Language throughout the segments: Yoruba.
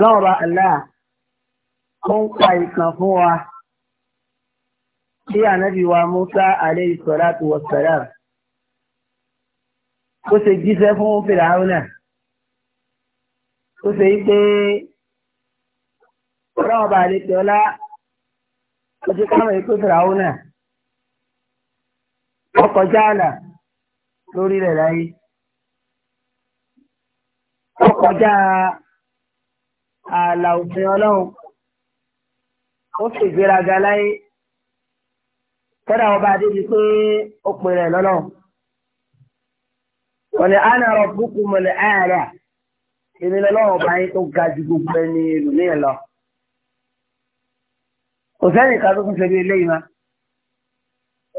ọlọ́run bá aláà ó ń pa ìtàn fún wa bí ànábì wa Musa alayhi salatu wa salam ó ṣe jíṣẹ́ fún Fìràhónà ó ṣe pé ọlọ́run bá àlejò ó ti kámọ̀ ìpè Fìràhónà ọkọ̀ jáàlà lórí rẹ̀ láyé ọkọ̀ jáà ààlà òfin ọlọ́run ó sì gbéraga láyé kódà ọba adébí pé ó pè rẹ̀ lọ́lọ́run wọ́n ní ana rabbukum al-a'la èmi lọ́lọ́run ọba yín tó ga ju gbogbo ẹni ìlú ní ìlọ kò sẹ́yìn ká tó tún ṣe bí eléyìí ma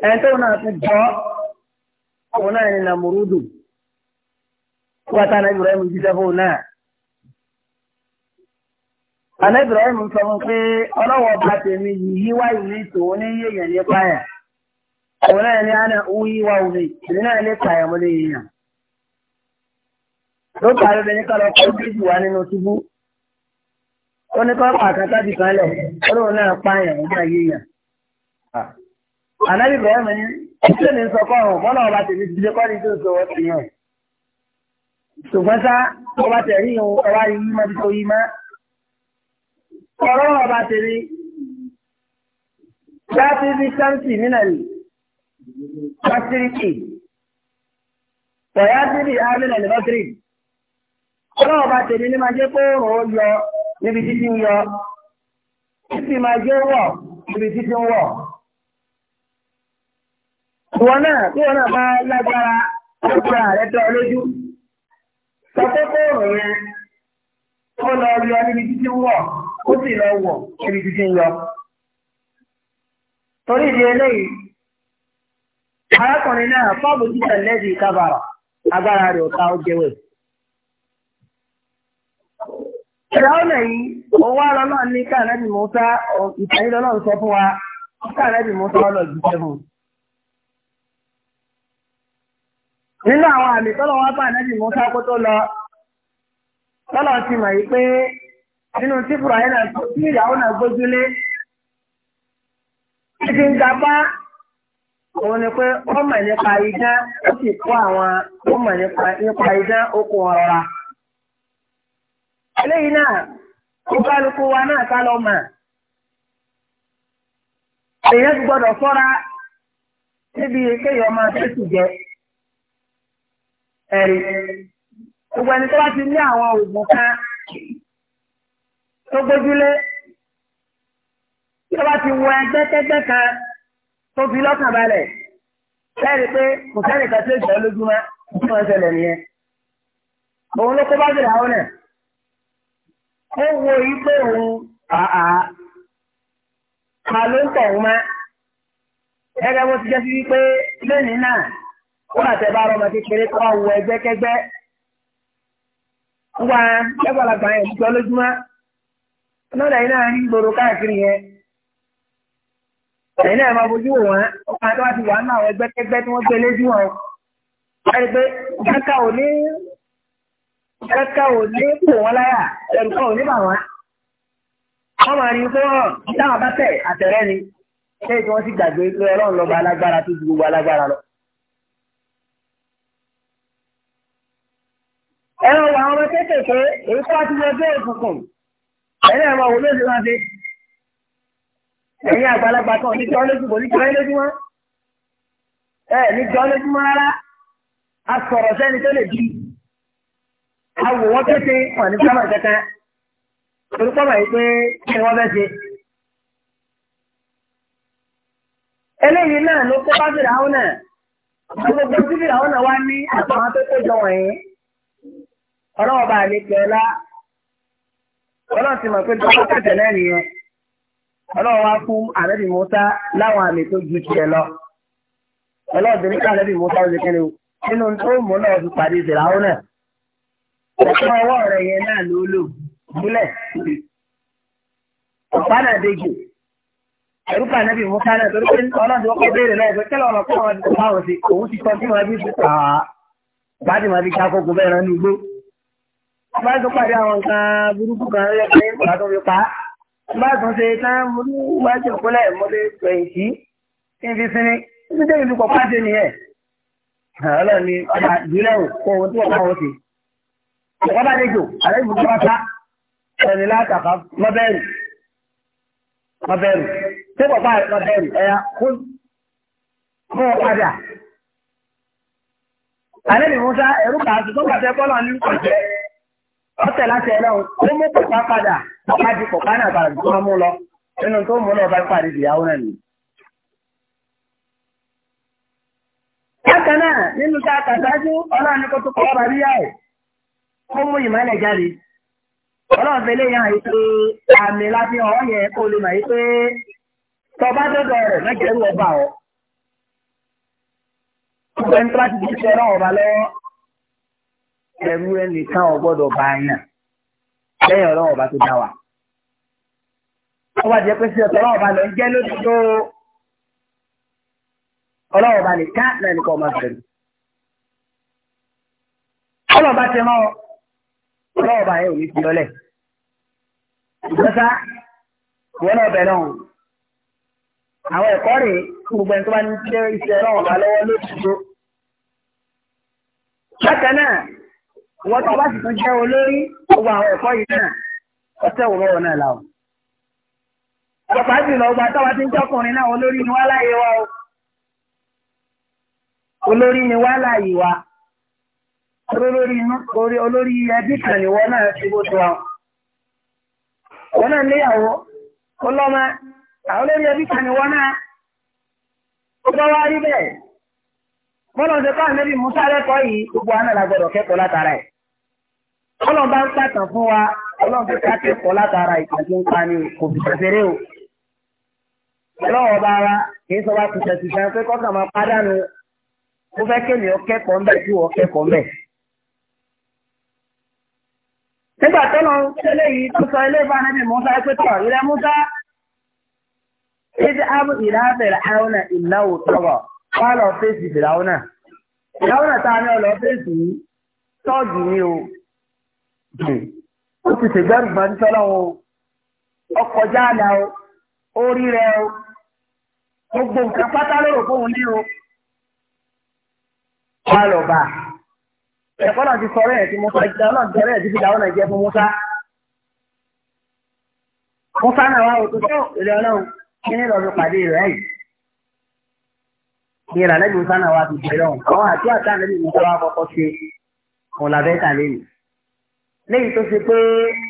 ẹni tó náà tún jọ́ òun náà ní Nàmúrúdù wọ́n ta náà Ibrahim jíṣẹ́ fóun náà. Àlẹ́ Ibrahim sọ fún pé ọlọ́wọ́ bá tèmi yìí yíwá ìlú tòun ní yéèyàn nípa ẹ̀. Òun náà ní àná ń yíwá omi, èmi náà lè pààyàn mọ́lé yéèyàn. Ló parí obìnrin kan lọ kó bíjì wá nínú túbú. Ó ní kọ́ pàkan ó lóun náà ní ṣé sọ kọ́ ọ̀hún, bọ́lá ọba tèmi ti dé tó sọ ọ̀rọ̀ ọba tèmi láti fi sáǹtì mínàlì pàṣíríkì pọ̀yásírì ámìnàlì bọ́tírì ọ̀rọ̀ ọba tèmi ní máa jẹ́ pé òun yọ níbi títí ń yọ títí máa jẹ́ wọ̀ níbi títí ń wọ̀. ìwọ náà tí wọn náà bá lágbára lókè ààrẹ tọ́ lójú sọ pé kóòrò yẹn ó lọ yọ níbi títí ń wọ̀. ó sì lọ wọ̀ níbi títí lọ. torí ìdí eléyìí arákùnrin náà fọ́ọ̀bù títà lẹ́bi kábàrà agbára rẹ̀ ọ̀tá ó jẹ́wẹ̀. ìdáwọ́nà yìí owó àlọ́nà ní káàlẹ́bì sọ fún wa káàlẹ́bì mọ́tà ọlọ́ọ̀dù jẹ́fún. nínú àwọn àmì tọ́lọ̀ wá bá ànábì kó nínú tí fúráyé náà tó tí ìyàwó náà gbójúlé títí ń gapá òun ni pé ó mọ̀ nípa idán ó sì kó àwọn ó mọ̀ nípa idán oko eléyìí náà wa náà ká lọ èèyàn ti níbi jẹ. ẹ̀rí gbogbo ẹni tó bá ti ní àwọn tó gbójúlé tí ó bá ti wọ ẹgbẹ́ kẹ́gbẹ́ kan tó fi lọ́kàn balẹ̀ lẹ́rìí pé kò sẹ́ni kan tó jọ lójúmọ́ tí wọ́n ṣẹlẹ̀ nìyẹn. òun ló kó bá bèrè àwọn náà ó wo yìí pé òun àá ta ló ń tọ̀ ọ́n mọ́ gẹ́gẹ́ bó ti jẹ́ sí wípé lónìí náà ó bàtẹ́ bá rọmọ kékeré kó wọ ẹgbẹ́ kẹ́gbẹ́ wá ẹgbẹ́ àgbà yẹn jọ lójúmọ́ lọ́dà iná rí gbòòrò káàkiri yẹn ẹ̀yin náà máa bójú wò wọ́n ọkọ̀ àti wọ́n ti wà nínú àwọn ẹgbẹ́kẹ́gbẹ́ tí wọ́n gbé lójú wọn. wọ́n rí pé kẹ́kẹ́ ò ní kẹ́kẹ́ ò ní kò wọ́n láyà ẹ̀rù kan ò ní bà wọ́n. wọ́n máa rí pé wọ́n táwọn bá tẹ̀ àtẹ̀rẹ́ ni ṣé tí wọ́n sì gbàgbé pé ọlọ́run lọ́ba alágbára tó ju gbogbo alágbára lọ. ẹ̀rọ àwọn ẹ̀yìn ẹ̀rọ òun ló ṣe máa ṣe ẹ̀yìn àgbàlagbà kan ní jọ́ lójúmọ́ ní jọ́ lójúmọ́ ẹ̀ ní jọ́ lójúmọ́ rárá a sọ̀rọ̀ sẹ́ni tó lè di awò wọ́n tó ṣe wà ní sábà kankan torí pọ́ báyìí pé kí ni wọ́n fẹ́ ṣe. eléyìí náà ló kó bá fìrà áwọn náà gbogbo tí fìrà náà wá ní àtàwọn tó tó jọ wọ̀nyí ọlọ́wọ́ bá àlejò ọlá ọlọ́run ti mọ̀ pé dọ́kítà tẹ̀tẹ̀ náà nìyẹn ọlọ́run wá fún àrẹ́bì mọ́tá láwọn àmì tó ju tiẹ̀ lọ ọlọ́run ti ní ká àrẹ́bì mọ́tá ó ṣe kí ni o nínú tó mọ́ náà fi pàdé ìṣèlú náà ọ̀pọ̀ ọwọ́ rẹ̀ yẹn náà ló lò múlẹ̀ ọ̀pá náà dejò ẹ̀rú pa àrẹ́bì náà torí pé ọlọ́run ti wọ́pọ̀ béèrè náà pé kẹ́lọ́ ọ̀nà kọ́ wọn ti pa òun òun ti sọ bá tún pàdé àwọn nǹkan burúkú kan lọ́yẹ́ pé bàbá tó fi pa á bá tún ṣe tán mo ní wájú ìpínlẹ̀ mo lè pẹ̀yìn sí kí n fi sinmi títí tẹ́yìn fi pọ̀ pàṣẹ nìyẹn ọlọ́run ni ọba ìbílẹ̀ ò kó ohun tí wọ́n máa wọ́n ṣe ọ̀pọ̀ bá déjò àlẹ́ ìbùkún bá ta ẹni látàkà mọ́bẹ́rù mọ́bẹ́rù tí pọ̀ pa mọ́bẹ́rù ẹ̀yà kó mọ́ padà àlẹ́ ìmúta ẹ̀rú kàá tuntun pàṣẹ kọ́lọ́ ọ̀tẹ̀ láti ẹlẹ́wọ̀n ó mú pọ̀pá padà ọ̀pá di pọ̀pá náà padà tó mú lọ nínú tó mú lọ bá pàdé ìyàwó náà nìyí. Bákan náà nínú tá a kà sáájú ọlọ́run ní kó tó kọ́ ọ̀rọ̀ ríyà ẹ̀ ó mú ìmọ̀lẹ̀ jáde. Ọlọ́run fẹ́lẹ́ yàn yìí pé àmì láti hàn yẹn kó lè mọ̀ yìí pé tọba dọ́dọ̀ rẹ̀ mẹ́jẹ̀ẹ́rù ọba ọ̀ ẹrú ẹnìkan ò gbọ́dọ̀ bá yàn lẹ́yìn ọlọ́run ọba tó dá wa. ọba jẹ́ pé sí ọ̀tọ̀ ọlọ́run ọba lọ jẹ́ lódodo ọlọ́run ọba nìkan náà nìkan ọmọ bẹ̀rẹ̀. ọlọ́run ọba ti mọ́ ọlọ́run ọba yẹn ò ní fi lọ́lẹ̀. ìgbésà ìwọ náà bẹ̀rẹ̀ ọ̀hún. àwọn ẹ̀kọ́ rèé gbogbo ẹni tó bá ń jẹ́ iṣẹ́ ọlọ́run ọba lọ́wọ́ lóṣooṣo. bákan náà wọ́n tó bá sì tún jẹ́ olórí gbogbo àwọn ẹ̀kọ́ yìí náà ọtẹ́ òwúrọ̀ wọn náà làwọn. ọ̀pá ọgbà táwa ti ń jọkùnrin náà olórí ni wá wa o olórí ni wá láàyè wa olórí ẹbí kan ni náà ti wa. náà níyàwó lọ́mọ olórí ẹbí kan ni náà ó bá wá rí bẹ́ẹ̀ gbogbo àná kẹ́kọ̀ọ́ látara ọlọ́run bá ń pàtàn fún wa ọlọ́run fi kákẹ́kọ̀ọ́ látara ìtàgé ń pani kò fi ṣẹ̀ṣẹ̀rẹ́ o. ọlọ́wọ́ bá wa kì í sọ wá tùṣẹ̀ tùṣẹ̀ pé kọ́kà máa pàdánù ó fẹ́ kémi ọ ń bẹ̀ tí wọ́n kẹ́kọ̀ọ́ ń bẹ̀. nígbà tó lọ tẹ́lẹ̀ yìí tó sọ ilé ìbára ní musa pé tọ̀ ilẹ̀ musa ìdí abu ìlà àwọn ìnáwó tọ̀wọ̀ wá lọ fèsì fèsì tọ́ọ̀dù ni o. gbè ó ti tẹ̀gbẹ́rù gbanisọ́lọ́ o ọkọjá àlà o orí rẹ o gbogbo nǹkan pátá lóòrò fóun ní o wá lọ bá ẹ̀kọ́ náà ti sọ̀rọ̀ ẹ̀ tí Musa ìjà náà ti sọ̀rọ̀ ẹ̀ tí fìdá ọ̀nà ìjẹ́ fún Musa Musa náà wá òtún tó ìrẹ̀ ọlọ́run kí ni lọ́ọ́ fi pàdé rẹ̀ yìí ní ìrànlẹ́bí Musa náà wá fi bẹ̀rẹ̀ ọ̀hún àwọn àti àtàlẹ́bí Musa wá kọ́kọ́ ṣe òun lẹ́yìn léyìí tó ṣe pé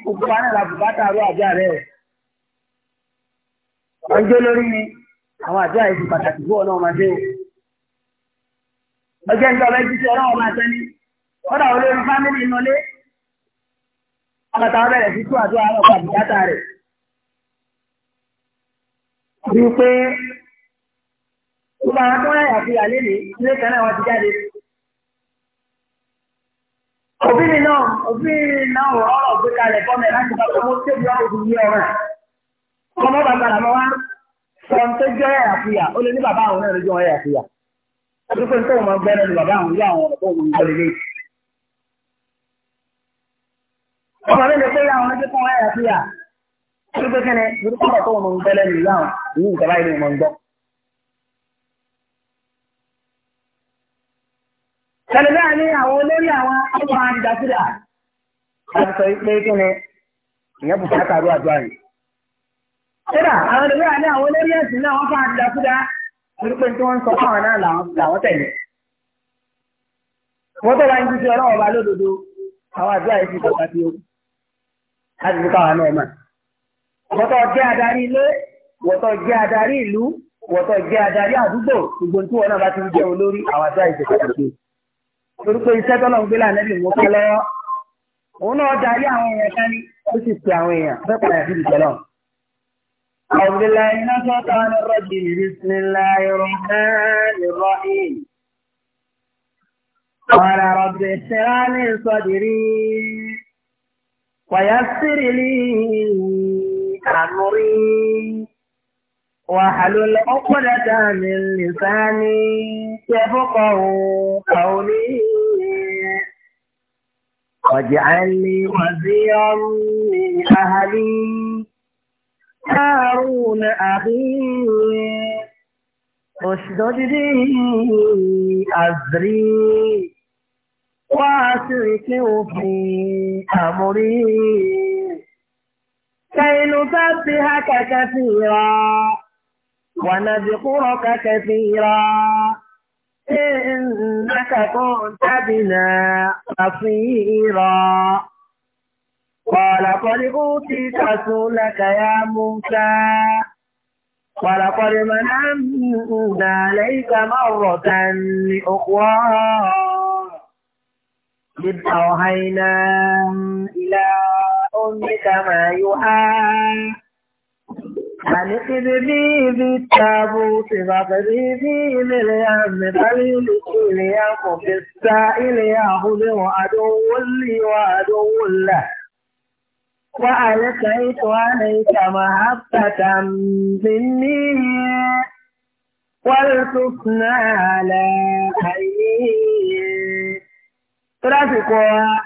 gbogbo wa náà la bùkátà rú àjà rẹ̀ wọ́n jẹ́ lórí àwọn àjọ àìsí pàtàkì fún ọ̀nà ọmọdé o. ọjọ́ ìjọ ọba ẹjú sí ọlọ́wọ́ máa tẹ́ ní kọ́dà olórin fámìlì ìnọlé àbàtà ọbẹ̀rẹ̀ sí tú àjọ àwọn ọkọ̀ àbùkátà rẹ̀. bí pé gbogbo àwọn tó ń rẹ̀ àfihàn lé ní ilé kan náà wọ́n ti jáde òbí mi náà òbí náà ọ̀rọ̀ gbé kalẹ̀ fọ́mẹ̀ láti bá ọmọ tó bí ọ̀rọ̀ òbí ọ̀rọ̀ ọmọ bàbá làmọ́ wá sọ tó jẹ́ àfihà ó lé ní bàbá àwọn náà lójú ọ̀rẹ́ àfihà àdúgbò tó wọn gbẹ́ lẹ́nu bàbá àwọn ìyá àwọn ọ̀pọ̀ òun ìjọ lélẹ̀. ọmọ mi lè pé àwọn ọjọ́ kan ọ̀rẹ́ àfihà ó kẹ́ni orúkọ ọ̀pọ̀ òun gbẹ́ lẹ́nu ìyá Tẹ̀lẹ́dá ní àwọn olórí àwọn ọmọ àdìdásílà. Wọ́n sọ pé kí ni ìyẹn bù ká kàrú àdúrà yìí. Kódà àwọn olórí àní àwọn olórí ẹ̀sìn náà wọ́n fà àdìdásílà. Torí pé tí wọ́n ń sọ fáwọn náà làwọn tẹ̀lé. Wọ́n tó bá ń jíjẹ ọlọ́wọ́ bá lódodo, àwọn àdúrà yìí ti dọ̀gba sí o. Láti fi káwọn náà mọ̀. Wọ́tọ̀ jẹ́ adarí ilé, wọ́tọ̀ jẹ́ adarí ìlú, wọ́tọ̀ jẹ́ adarí àdúgbò, gbogbo tí wọn náà bá ti ń jẹ́ olórí àwọn àdúrà yìí ti dọ̀gba sí o orúkọ iṣẹ́ tọ́lọ̀ ń gbé lànàbì mú kọ́ lọ́wọ́ òun náà darí àwọn èèyàn ká ní ó sì pe àwọn èèyàn fẹ́ padà sí ìtẹ́lọ̀. أعوذ بالله من الشيطان الرجيم بسم الله الرحمن الرحيم قال رب اشرح لي صدري ويسر لي أمري واحلل عقدة من لساني يفقه قولي واجعل لي وزيرا من أهلي هارون أخي اشدد به أزري وأشركه في أمري كي نسبحك كثيرا ونذكرك كثيرا إنك كنت بنا بصيرا قال قد أوتيت رسولك يا موسى ولقد مننا عليك مرة لأخرى إذ أوحينا إلى أمك ما يوحى أنقذ بي بالتابوت فاقضي بي لليم قليل اليم في السائل يأخذ عدو لي وعدو له وألقيت عليك محبة مني ولتصنع على عيني ترافقها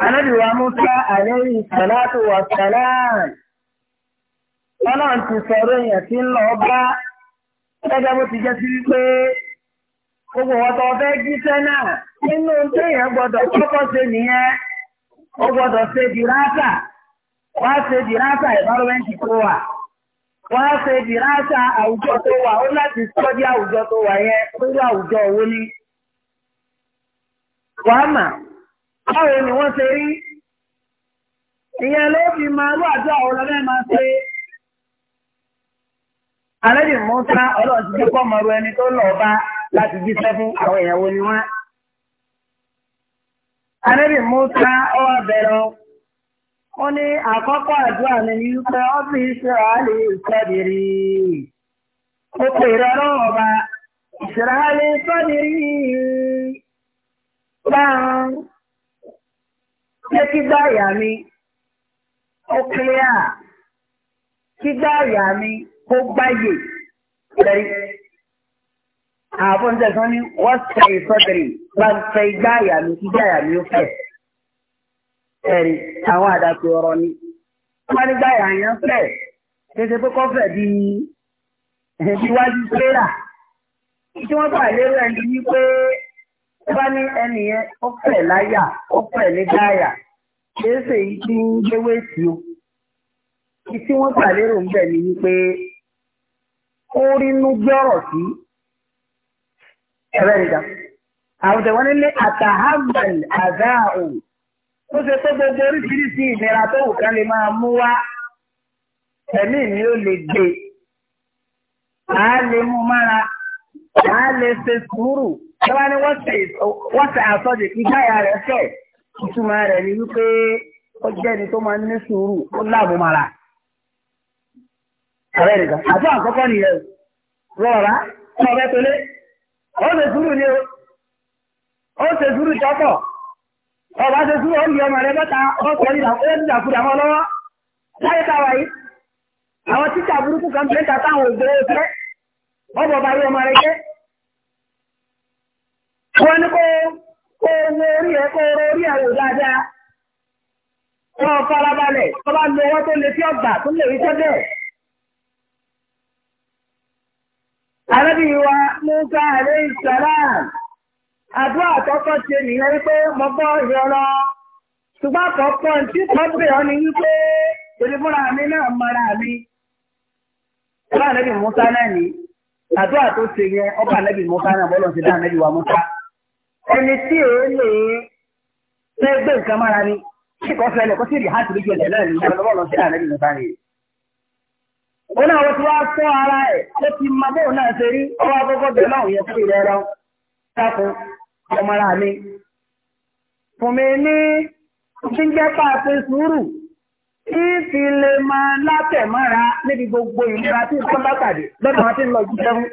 أنا بوامسى عليه الصلاة والسلام ọlọ́run ti sọ̀rọ̀ èèyàn tí ń lọ bá gẹ́gẹ́ bó ti jẹ́ sí wípé gbogbo ọ̀tọ̀ ọ̀fẹ́ jíṣẹ́ náà nínú téèyàn gbọ́dọ̀ kọ́kọ́ ṣe nìyẹn ó gbọ́dọ̀ ṣe dìrásà wá ṣe dìrásà ìbáròmẹ́ǹtì tó wà wá ṣe dìrásà àwùjọ tó wà ó láti sọ́dí àwùjọ tó wà yẹn àwùjọ ni. wàá mà báwo ni wọ́n ṣe rí ìyẹn ló fi máa àjọ àwọn máa alẹ́bí mọ́tà ọlọ́run ti dúpọ̀ mọ́rú ẹni tó lọ bá láti àwọn ìyàwó ni wọ́n. alẹ́bí mọ́tà ọwọ́ bẹ̀rẹ̀ ó ní àkọ́kọ́ àdúrà mi ní wípé ọ́fíìsì àlè ìkọ́dìrì ó ọba ìṣẹ̀lẹ̀ àlè ìkọ́dìrì dáhùn jẹ́ kí mi ó kílíà mi. kó gbáyè lẹ́rí. Àfọ̀n tẹ̀sán ní wọ́n tẹ ìfọ́tẹ̀rì bá ń fẹ́ igbá àyà mi kí igbá àyà mi ó fẹ̀. Ẹ̀rí àwọn àdàpè ọ̀rọ̀ ni. Wọ́n ní gbáyà yẹn fẹ̀. Tètè pé kọ́ fẹ̀ di ìwájú tírélà. Tí wọ́n gbà lérò ẹni ní pé ó bá ní ẹnì yẹn ó fẹ̀ láyà ó fẹ̀ ní gáyà. Kìí ṣèyí tí ń gbé wéètì o. Ìtí wọ́n gbà lérò ń bẹ̀ ni wípé kó rínú gbọ́rọ̀ sí ẹ̀rẹ́ ìjà. Àwọn tẹ̀wọ́n nílé àtàhábàl àdáàhù tó ṣe tó gbogbo oríṣiríṣi ìnira tó wù kán lè máa mú wá ẹ̀mí mi ó lè gbé. À á lè mú mára, à lè ṣe sùúrù. Tọ́wá ní wọ́n ṣe àsọjù ìgbáyà rẹ̀ fẹ̀. Ìtumọ̀ rẹ̀ ni wípé ó jẹ́ni tó máa ń ní sùúrù ó láàbùmára ọ̀rẹ́ rẹ̀ gan àti àkọ́kọ́ nìyẹn rọra ọ̀rẹ́ tolé ó ṣe sùúrù ni o ó ṣe sùúrù jọ́pọ̀ ọba ṣe sùúrù ó ń yọ ọmọ rẹ mẹ́ta ọkọ̀ nídàkúdà mọ́ lọ́wọ́ láyé táwa yìí àwọn títà burúkú kan pé tata àwọn ògbéró fẹ́ ọbọ̀ bá yọ ọmọ rẹ jẹ́ wọ́n ní kó kó owó orí ẹ̀ kó oró orí ẹ̀ wò dáadáa wọ́n farabalẹ̀ ọba lo owó tó lè fi ọgbà tó lè rí sẹ́bẹ̀ẹ́. Àrẹ́bí wa Múká àrẹ́ ìṣàlá. Àdúrà àkọ́kọ́ ti ènìyàn wípé mo bọ́ ìrọ̀rọ̀. Ṣùgbọ́n ni wípé mi náà mara mi. Ọba àrẹ́bí Múká náà ni. Àdúrà tó ṣe yẹn ọba àrẹ́bí Múká náà bọ́lọ̀ dá àrẹ́bí wa Múká. Ẹni tí lè ni. fẹ́ lẹ̀ kó sì rí náà ni àrẹ́bí Wọ́n náà wọ́n ti wá sọ ara ẹ̀ tó ti ma bóun náà ṣe rí ọwọ́ akọ́kọ́ bẹ̀rẹ̀ náà yẹ fún ìrẹ́ ẹ̀rọ. Dákun ọmọ ara mi. Fún mi ní jíjẹ́ pàṣẹ sùúrù kí fi lè máa látẹ̀mọ́ra níbi gbogbo ìlera tí ìtọ́ bá pàdé lọ́dọ̀ wọn ti lọ jíṣẹ́ fún.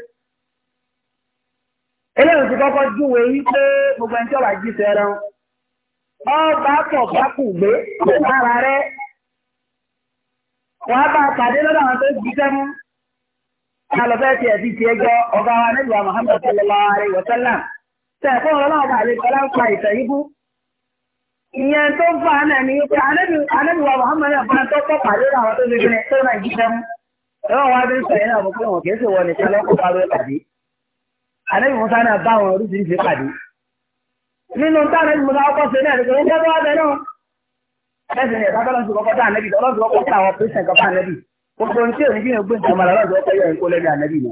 Eléyìí ti kọ́kọ́ júwe yí pé gbogbo ẹni tí ọ̀wà jíṣẹ́ rẹ̀ ọba pọ̀ bá kù gbé lára rẹ̀ wàá bá a pàdé lọ́dọ̀ àwọn tó jíṣẹ́ mú ká lọ fẹ́ tiẹ̀ fi tiẹ̀ gbọ́ ọ̀gá wa nílùú Muhammad sallallahu alaihi wa sallam tẹ̀ fún ọlọ́wọ́ bá lè kọ́lá ń pa ìtàn yìí bú. ìyẹn tó ń fa náà ni pé anábìwá Muhammad náà fún tó kọ́ pàdé lọ́dọ̀ àwọn tó ṣe gbẹ tó náà jíṣẹ́ mú. ẹ̀rọ wa bí náà mo pé wọn kì í ṣe wọ ẹ̀sìn ẹ̀dá tó lọ́sùn kọ́kọ́ tá ànẹ́bì tó lọ́sùn kọ́kọ́ tá àwọn pèsè nǹkan fún ànẹ́bì gbogbo ohun tí òní kí ni gbé nǹkan mọ́ra lọ́sùn kọ́kọ́ yọ ẹ̀kó lẹ́nu ànẹ́bì ni.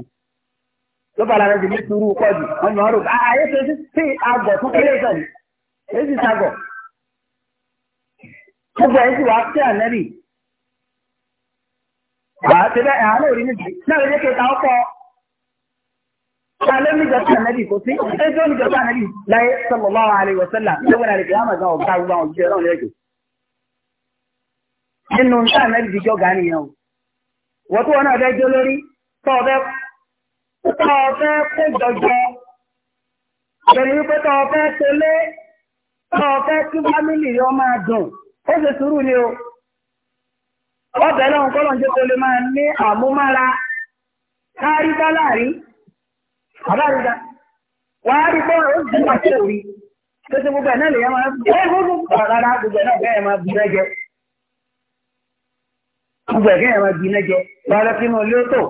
ló bá ara rẹ̀ ní sùúrù pọ̀ jù wọ́n ní wọ́n rò ah ayé tó sí àgọ̀ fún kéré sọ̀rọ̀ èyí sì sàgọ̀. gbogbo ẹ̀ sì wá sí ànẹ́bì. àti bẹ́ẹ̀ nínú ní àmẹ́rì ti jọ́gà nìyẹn o wọ́n tó wọn náà fẹ́ jó lórí tó o fẹ́ tó o fẹ́ kó jọjọ pẹ̀lú pé tó o fẹ́ tẹ̀lé tó o fẹ́ kí fámìlì yọ máa dùn ó ṣe sùúrù ni o ọbẹ̀ lọ́hùn kọ́ lọ́njẹ́ kó lè máa ní àmúmára kárí bá láàrí àbáríga wàá rí pé ó sì máa ṣe òrí tó ṣe gbogbo ẹ̀ náà lè yẹ máa ń bí ẹ gbogbo rárá gbogbo ẹ̀ náà bẹ́ẹ̀ máa bí gbogbo ẹ̀kẹ́ yẹn máa di iná jẹ lọ́dọ̀ sínú ilé tó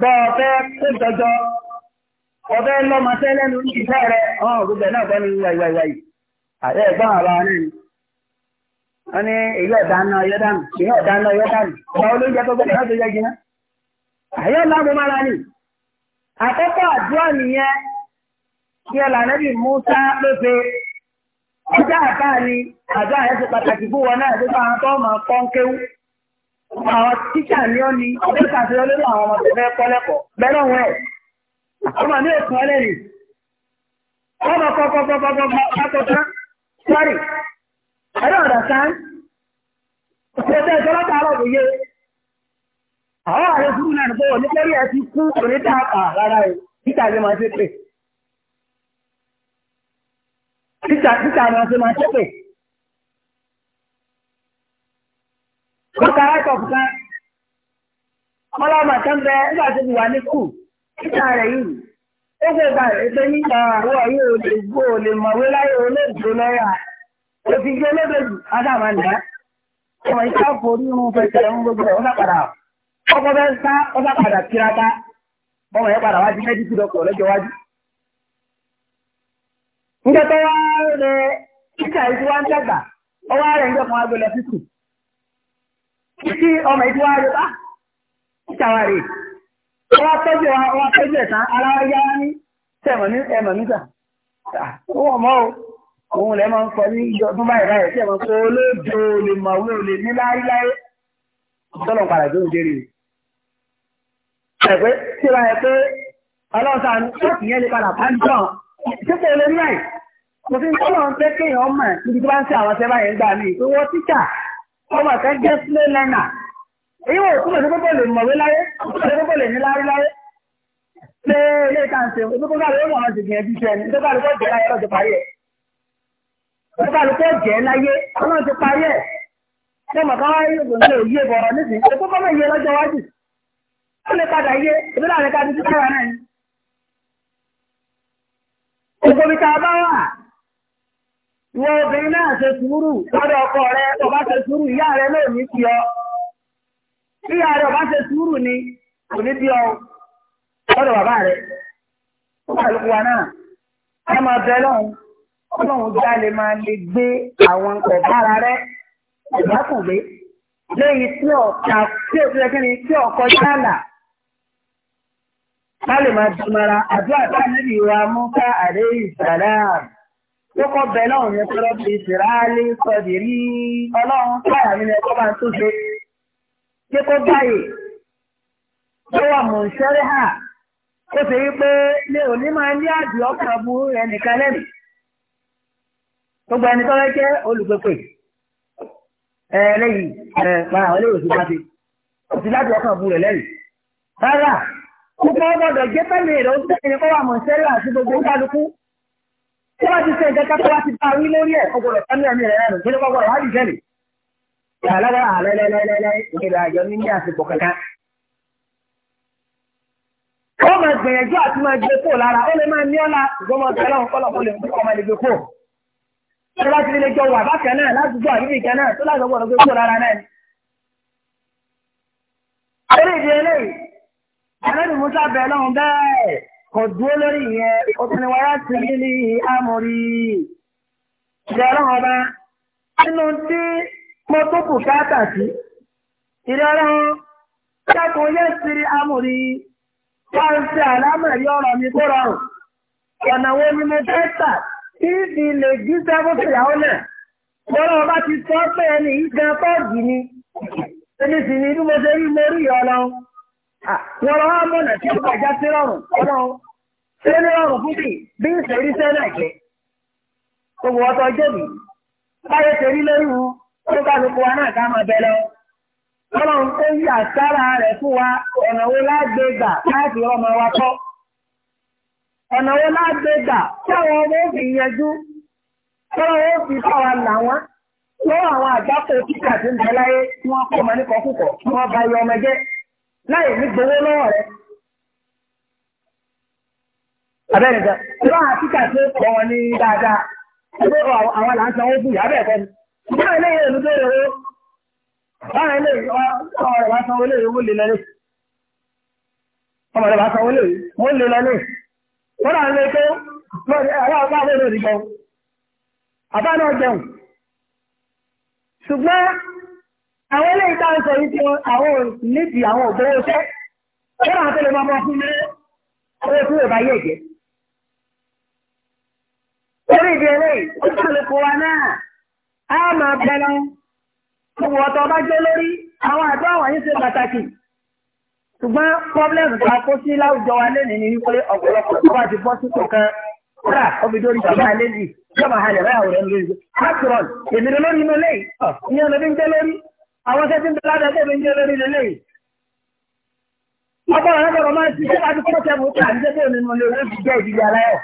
bọ́ ọ fẹ́ kó jọjọ ọbẹ̀ lọ́mọ tẹ́lẹ̀ ní ìṣẹ́ rẹ̀ ọ̀hún gbogbo ẹ̀ náà bọ́ ní wáyíwáyíwáyí àti ẹ̀gbọ́n àbá náà ni wọ́n ní èyí ọ̀dáná yọ́dánù èyí ọ̀dáná yọ́dánù ọba olóúnjẹ tó gbọ́dọ̀ láti yẹ jiná àyọ̀ lágbo mára ni àkọ́kọ́ àdúrà nìyẹn kí ẹ̀ lànà bí Mùsá ló ṣe Ọjọ́ àká ni àjọ àyẹ́ pàtàkì fún wọn náà nípa àwọn tó máa kọ́ ń kéwú. Àwọn tíṣà ni ó ní ọdún ìṣàṣeyọ lórí àwọn ọmọ tó fẹ́ kọ́ lẹ́kọ̀ọ́. Bẹ́ẹ̀ wọ́n ẹ̀. Ọmọ mi ò kọ́ Ọmọ yé? Àwọn àrẹ náà títà títà ni wọ́n ti máa ṣépè. wọ́n ka láìpọ̀pù kan ọlọ́mọ kan bẹ nígbà tó ti wà ní kù títà rẹ̀ yìí ó fẹ́ bá rẹ̀ pé nígbà àwọ̀ yìí ò lè gbó ò lè mọ̀wé láyé ọ lọ́yà òfin gbé ụmụ ádámà nìyà ọmọ ọ forí nígbà tó wá rẹ kíkà ìdí wá ń dàgbà ọwọ́ rẹ̀ ń jẹ́ kan agbẹ̀lẹ̀ fífù títí ọmọ ìdí wá rẹ bá kíkà wá rè ọwọ́ tọ́jú ọwọ́ tọ́jú ẹ̀ tán ara wá yá ní tẹ̀mọ̀ ní ẹ̀mọ̀ nígbà ó wọ̀ mọ́ o òun lẹ́ máa ń sọ ní ìjọ tó báyìí báyìí tẹ̀mọ̀ pé olóòjò lè mọ̀ òun ò ní láéláé tọ́lọ̀ padà tó ń yẹn lè padà bá ṣé kò lè ní àyè kò sí tọ́lọ̀ ń fẹ́ kéèyàn mọ̀ níbi tó bá ń ṣe àwọn ṣẹ́bá yẹn gbà mí pé wọ́n tíṣà ọmọ kan jẹ́ sílé lẹ́nà èyí wò kúrò ní gbogbo lè mọ̀wé láyé kúrò ní gbogbo lè ní láyé láyé pé ilé ìta ń ṣe ní gbogbo àlọ́ ìwọ̀n ti gbìyànjú ṣe ni tó bá lè kó jẹ́ láyé ọlọ́run ti parí ẹ̀ tó bá lè kó jẹ́ láyé ọlọ́run ti parí ẹ̀ ṣé mọ̀ káwá ìròyìn òye bọ̀rọ̀ nísìnyí kó kọ́ mọ̀ iye lọ́jọ́ wájú ó lè padà yé ìbílẹ̀ àrẹ́ká ti ti kára náà ni. ògbómi tá a bá wà Wọ obìnrin náà ṣe sùúrù lọ́dọ̀ ọkọ rẹ, ọba ṣe sùúrù, ìyá rẹ náà ní kí ọ. Ìyá rẹ ọba ṣe sùúrù ni, kò ní bí ọ lọ́dọ̀ bàbá rẹ. Ó wà lóko wa náà. Ẹ máa bẹ lọ́hùn. Ọlọ́run já lè máa lè gbé àwọn ọ̀bára rẹ, ìbákùngbé. Lẹ́yìn tí ọ̀ka tí òfin ẹgbẹ́ ni tí ọkọ yálà. Ká lè máa dùnmọ́ra àdúrà bá níbi ìwà mú ká àdéhìí Kókó bẹ lọ́run yẹn tọ́rọ bí ìsìráálé sọ̀dì rí ọlọ́run táyà nínú ẹ̀kọ́ máa tó ṣe. Ṣé kó báyìí? Ṣé wà mọ̀ ń ṣẹ́rí hà? Ó ṣe wí pé mi ò ní máa ní àdì ọkàn burú rẹ̀ nìkan lẹ́nu. Gbogbo ẹni tọ́lá jẹ́ olùpẹ̀pẹ̀. Ẹ lẹ́yìn ẹ pa àwọn òsì láti. Òsì láti ọkàn burú rẹ̀ lẹ́yìn. Rárá, kókó gbọ́dọ̀ jẹ́ pẹ́lú èrò Tí wọ́n ti ṣe ìjẹ́ kápẹ́ láti bá wí lórí ẹ̀ ọgbọ̀rọ̀ sánú ẹ̀mí rẹ̀ rẹ̀ kí ló bá àjọ àsìkò kankan. Ó máa gbìyànjú àti máa gbé lára, ó lè máa ní ọ́la kọ́lọ̀kọ́ lè ọmọ láti lè jọ wà bákan náà láti kan náà tó láti gbé lára kò dúró lórí ìyẹn obìnrin ti rí ní ọba nínú tí mo tó kù káàtà sí ìdẹ́rọ̀ kẹ́kọ̀ọ́ yẹ́ sí amòrí wọ́n ń ṣe àlámẹ̀rí ọ̀rọ̀ mi kó rọrùn ọ̀nà wo ni mo fẹ́ tà tí ìdí lè jí ọba ti sọ pé ẹni yìí fọ́ọ̀gì ni èmi sì ní bí mo ṣe rí mo rí wọ́n ha mọ̀nà tí ó gbàjá sí rọrùn ọlọ́run ní rọrùn fún bí bí ìṣèrí sẹ́lẹ̀ gbogbo ọtọ jẹ́bi báyọ̀ ṣe teri tó bá lóko wa náà ká máa bẹ ọlọ́run tó yí àṣàrà rẹ̀ fún láti ọmọ wa ọmọ òfin láì ní gbowó lọ́wọ́ rẹ̀. Abẹ́rẹ́ gan, ìwọ́n àti kàṣe kọ́ wọn ní dáadáa. Ẹgbẹ́ àwọn là ń sanwó fún ìyá bẹ́ẹ̀ kọ́ni. Ìgbà eléyìí èlú tó yẹ̀wò. Báwo eléyìí ọmọ rẹ̀ bá sanwó eléyìí wọ́n lè lọ Ọmọ rẹ̀ bá sanwó eléyìí wọ́n lè lọ Wọ́n náà lè tó àwọn ọba àbẹ̀rẹ̀ òdìgbọ́n. Àbá náà jẹun. Ṣùgbọ́n àwọn ilé ìta ń sọ yìí tí àwọn nídìí àwọn òbówó iṣẹ́ ṣé àwọn tó lè máa mọ fún mi owó tí yóò bá yé jẹ. orí ìdí eléyìí ó tún lè kó wa náà a máa bẹ̀rẹ̀ gbogbo ọ̀tọ̀ bá jẹ́ lórí àwọn àtọ́ àwọn yìí ṣe pàtàkì ṣùgbọ́n pọ́blẹ́mù tó a kó sí láwùjọ wa lénìí ni wípé ọ̀pọ̀lọpọ̀ tó bá ti bọ́ sípò kan kódà omi dórí ìjọba lẹ́yìn ìjọba halẹ̀ báyàwó rẹ̀ lórí. akron èmi lórí inú àwọn tẹ́ tí ń bẹ̀rẹ̀ àdá tẹ́bẹ̀ ń jẹ́ lórí lélẹ̀ yìí ọgbọ́n àwọn ọmọ máa ń ṣiṣẹ́ láti kọ́ tẹ́bù ó kà ní tẹ́bẹ̀ òní mo lè rí ìdíjẹ́ ìdíjẹ́ aláyọ̀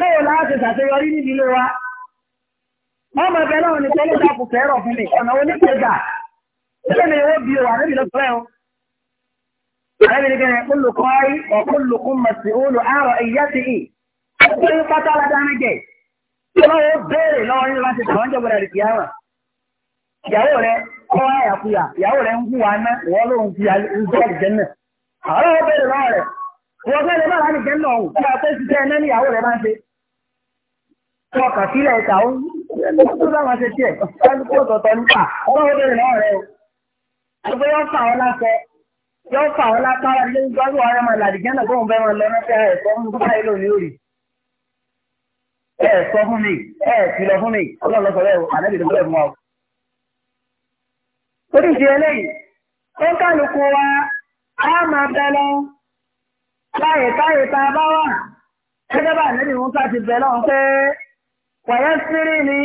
lóòó láti ṣàṣeyọrí nídìílé wa wọ́n mọ̀ bẹ́ẹ̀ náà ní pé ó dàpọ̀ fẹ́rọ̀ fún mi ọ̀nà oníkẹjà ilé mi ó bí wà níbi lọ́sọ̀rọ̀ ẹ̀hún àrẹ́bìnrin kẹrin kúlùkọ́ ayé ọ̀kúlùkún mọ̀sí olù àrọ̀ ìyá ti ì ó ń pátá ládàá nígẹ̀ ọlọ́wọ́ béèrè lọ́wọ́ yín láti tàwọn jẹ́ gbọ́dọ̀ rìkìyàwó ìyàwó rẹ kọ́ àyàkuyà ìyàwó rẹ ń kú wa ná ìwọ ló ń fi ìjọ ìjẹ́nà àwọn ọmọ bẹ̀rẹ̀ lọ́wọ́ rẹ̀ wọ́n fẹ́ lè má láti jẹ́ náà kí fẹ́ ṣiṣẹ́ iná ní ìyàwó rẹ̀ máa ń ṣe ọkà sílẹ̀ ẹ̀ka ó tó bá fà wọn láṣẹ yóò fà wọn lápára máa làdìjẹ́ náà tóun bẹ́ẹ̀ máa lọ ránṣẹ́ ẹ̀sọ́ fún bá ilé òní òrì ẹ̀sọ́ fún mi ẹ̀sì lọ fún mi ọlọ́run lọ sọ bẹ́ẹ̀ o àná torí ìdí eléyìí ó ń kálukú wa á máa bẹ lọ láyè táyè tá a bá wà gẹ́gẹ́ bá níbi musa ti bẹ lọ́hùn pé wàyẹ́ sírí ni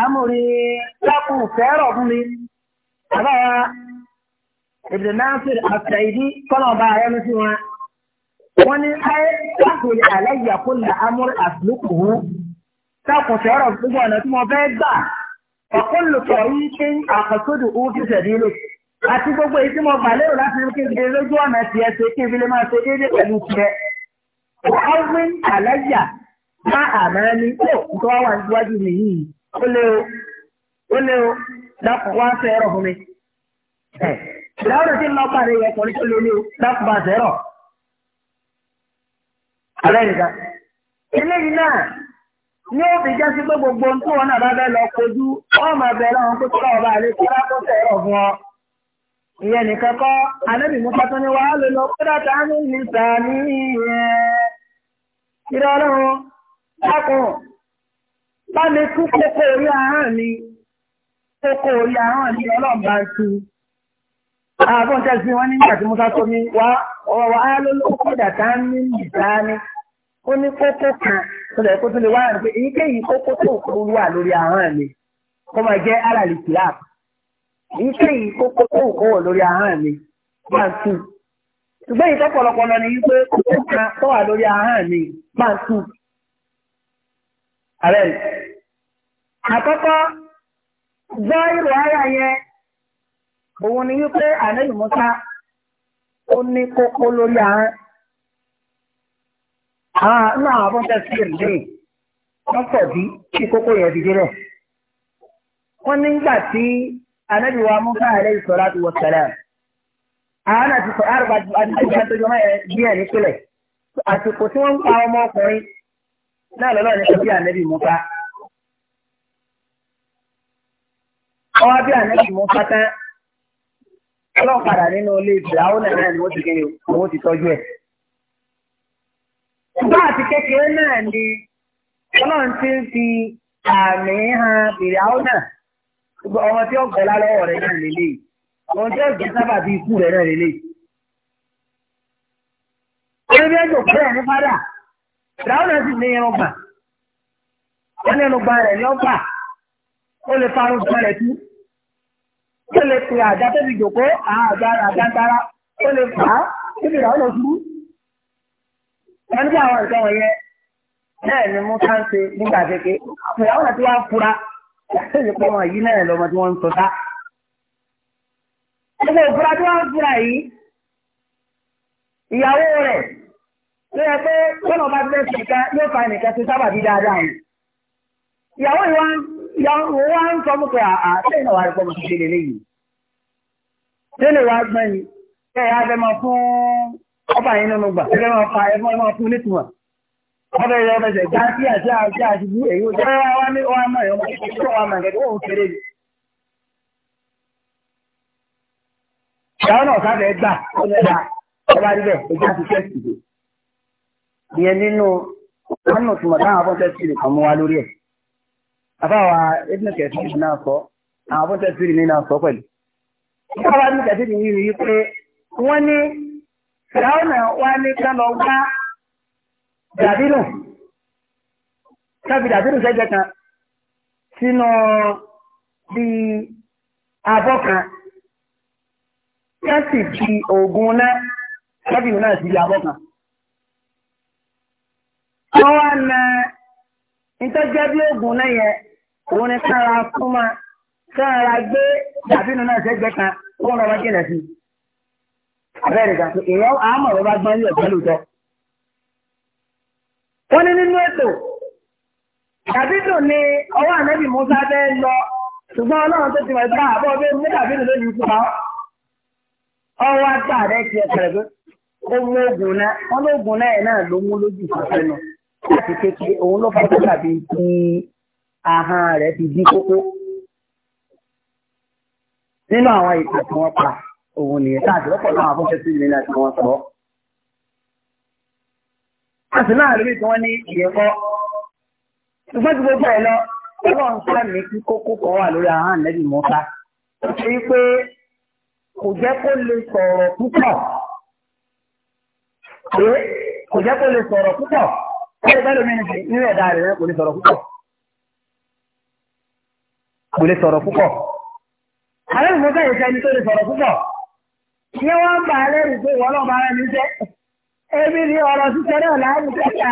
àmúrí lákùn fẹ́rọ̀ fún mi bàbá wa Ibn Nasir àtẹ̀yìdí kọ́nà bá ayẹ́nu sí wọn. wọ́n ní ayé lákùn àlẹ́ ìyàkùn là ámúrí àtìlùkù tákùn fẹ́rọ̀ gbogbo ọ̀nà tí mo fẹ́ gbà ọ̀kúnlù kọ̀rí pé àkàtúndù ó ti tẹ̀lé lò. Àti gbogbo èyí tí mo gbà lérò láti rí kéde lójú ọ̀nà ti ẹ̀ ṣe kí n fi lè máa ṣe déédéé pẹ̀lú tiẹ̀. Ọ̀gbìn àlẹ́yà má àmọ́ ní tó nǹkan wà níwájú mi yìí. Ó lé o, ó lé o, dákun wá ṣe ẹ̀rọ fún mi. Ìdáwọ́dọ̀ tí ń lọ bá rẹ̀ yẹ kọ̀rí tó lé o, dákun bá ṣe Àlẹ́ ìdá. Eléyìí náà ní ó fi jẹ́ sí pé gbogbo ohun tí wọn náà bá fẹ́ lọ kojú ọmọ ọbẹ̀ láwọn pé kọ́lá ọba àlè kọ́lá tó tẹ̀ ọ̀ fún ọ. ìyẹn nìkan kọ́ anábì musa tó ní wàá lè lọ kódà tá a ní ní sàmì yẹn. ìrọ̀ ọlọ́run dákun bá mi tú kókó orí ahọ́n mi kókó orí ahọ́n mi ọlọ́run bá ń tu. àbọ̀ntẹ́sí wọn nígbà tí musa tó ní wá ọ̀rọ̀ wàá lè lọ kódà tá a ní ní ó ní kókó kan tó lè kó tó lè wá rẹ̀ pé èyíkéyìí kókó tó kó wà lórí ahọ́n mi kó máa jẹ́ alàlì kìláàp èyíkéyìí kókó tó kó wà lórí ahọ́n mi máa tù ṣùgbọ́n ìtọ́ pọ̀lọpọ̀lọ ni wípé kókó kan tó wà lórí ahọ́n mi máa tù. Ààrẹ àkọ́kọ́ gbọ́ ìrò ara yẹn òun ni wípé àlejò mọ́ta ó ní kókó lórí ahọ́n náà àwọn tẹ̀síìrì lẹ́yìn wọ́n pọ̀ bí kí kókó yẹn ti délẹ̀. wọ́n nígbà tí anábì wa Musa alayhi salatu wa salam àwọn àti sọ àrùbá àdúgbò tó jọmọ́ ẹ̀ díẹ̀ nípìnlẹ̀ àsìkò tí wọ́n ń pa ọmọ ọkùnrin náà lọ́lọ́ ní sọ́bí anábì Musa. ọwọ́ bí anábì Musa tán ọlọ́run padà nínú ilé ìgbà ó nà Ìgbà àti kékeré náà ni Ọlọ́run ti ń fi àmì han ìyàwó náà. Gbogbo ọmọ tí ó gbọ́lá lọ́wọ́ rẹ̀ náà lélẹ̀. Àwọn tí ó jẹ́ sábà bí ikú rẹ̀ náà lélẹ̀. Orílẹ̀ èdè òkú rẹ̀ ní fádà. Ìyàwó náà sì ní irun gbà. Wọ́n ní irun gbà rẹ̀ ní ọgbà. Ó lè farun gbà rẹ̀ tú. Ó lè pe àjà tóbi jòkó àjà àjántara. Ó lè fà á. Ó lè rà ó lọ sùúrù wọ́n ní àwọn nǹkan wọ̀nyẹn náà ni mo ká ń ṣe nígbà kéke ìyàwó náà ti wá ń fura yàtọ̀ ìpọ̀ wọn yìí náà lọ́mọ tí wọ́n ń sọ sá. gbogbo ìfura tí wọ́n ń fura yìí ìyàwó rẹ̀ ló yẹ pé kọ́nà bá fẹ́ ṣe ká ló fa nìkan ṣe sábà bí dáadáa yìí. ìyàwó yìí wá ń sọ fún pé àtẹ̀yìn náà wà á rí pọ́nmọ́ ṣe lélẹ́yìn. tẹ́lẹ̀ wá gbẹ́yìn tẹ́lẹ̀ á fẹ́ máa fún ọba yìí nínú gbà ẹgbẹ́ máa fa ẹgbẹ́ máa fún nítumọ̀ ọbẹ̀ yìí ọbẹ̀ jẹ gbá sí àti àti àṣìbú èyí ó jẹ́ wá ní wá mọ̀ ẹ̀yọ́ tó wà mọ̀ ẹ̀kẹ́ ó kéré ni. ìyàwó náà sábẹ̀ gbà ó ní ẹ̀dá ọba rí bẹ́ẹ̀ ẹ̀jẹ̀ àti tẹ́sì dé. ìyẹn nínú ọ̀nà òtùmọ̀ táwọn afọ́ntẹ́sì rẹ̀ kàn mú wa lórí ẹ̀. àbáwa ẹ̀dínà kẹ̀sì náà sọ àwọn afọ́ntẹ́sì rẹ̀ náà sọ pẹ̀lú. ìyàwó Fìràwọ̀nà wá ní ká lọ gbá dàbínù, kábi dàbínù sẹ́jẹ̀ kan sínú bí abọ́ kan, ká sì fi òògùn náà, kábìnrin náà sí abọ́ kan. Wọ́n wá na ìtọ́jẹ́ bí òògùn náà yẹ, òun ni kára súnmọ́, kára gbé dàbínù náà sẹ́jẹ̀ kan, kó wọn lọ wá jìnà sí i. Bẹ́ẹ̀ni kan pé èèyàn àmọ̀ ló bá gbọ́n yọ̀ pẹ̀lú tọ́. Wọ́n ní nínú ètò, dàbídò ni ọwọ́ ànábì Musa fẹ́ lọ, ṣùgbọ́n ọlọ́run tó ti mọ̀ ìgbà àbọ̀ bí mú dàbídò ló yìí pa ọ́. Ọwọ́ àgbà rẹ̀ ti ẹ̀kẹ̀rẹ̀ pé ó mú oògùn náà, wọ́n lóògùn náà ẹ̀ náà ló mú lójú ìfọ̀fẹ́ nù. Láti kékeré òun ló fọ́n tàbí kí ahọ́n òun nìyẹn káàkiri ọ̀pọ̀ náà fún ṣẹ́sí ìlú náà tí wọ́n sọ. a sì náà rí tí wọ́n ní ìyẹ̀kọ́ ṣùgbọ́n tí gbogbo ẹ̀ lọ ọlọ́run fún mi kí kókó kan wà lórí àwọn ànẹ́bí mọ́ta ó ṣe pé kò jẹ́ kó lè sọ̀rọ̀ púpọ̀ pé kò jẹ́ kó lè sọ̀rọ̀ púpọ̀ pé bẹ́ẹ̀ lómi nínú ẹ̀dá rẹ̀ kò lè sọ̀rọ̀ púpọ̀ kò lè sọ̀rọ̀ púpọ̀ àlẹ́ ìmọ̀ta ìṣẹ́ni tó lè sọ̀rọ̀ púpọ̀ ìyẹn wọ́n ń bà á lẹ́rù pé ìwọ́n náà máa ebi ni ọ̀rọ̀ ṣiṣẹ́ náà láàrín kẹta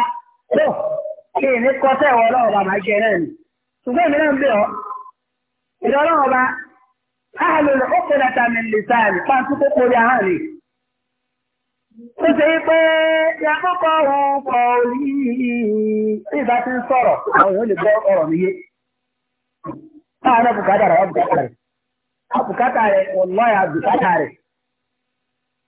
kí ní kọ́tẹ́ ìwọ́n náà bàbá jẹ náà ni ṣùgbọ́n èmi náà ń bẹ̀ ọ́ ìdọ́ ọba áhàlùlù ó pè dàtà mi lè sáàlì pàǹtí tó kórè ahọ́n ni. ó ṣe yí pé yàtọ̀kọ̀ òun kọ̀ òní tí ìbá ti ń sọ̀rọ̀ àwọn èèyàn lè gbọ́ ọ̀rọ̀ mi yé. báwa náà bùkátà rẹ̀ bùkátà rẹ̀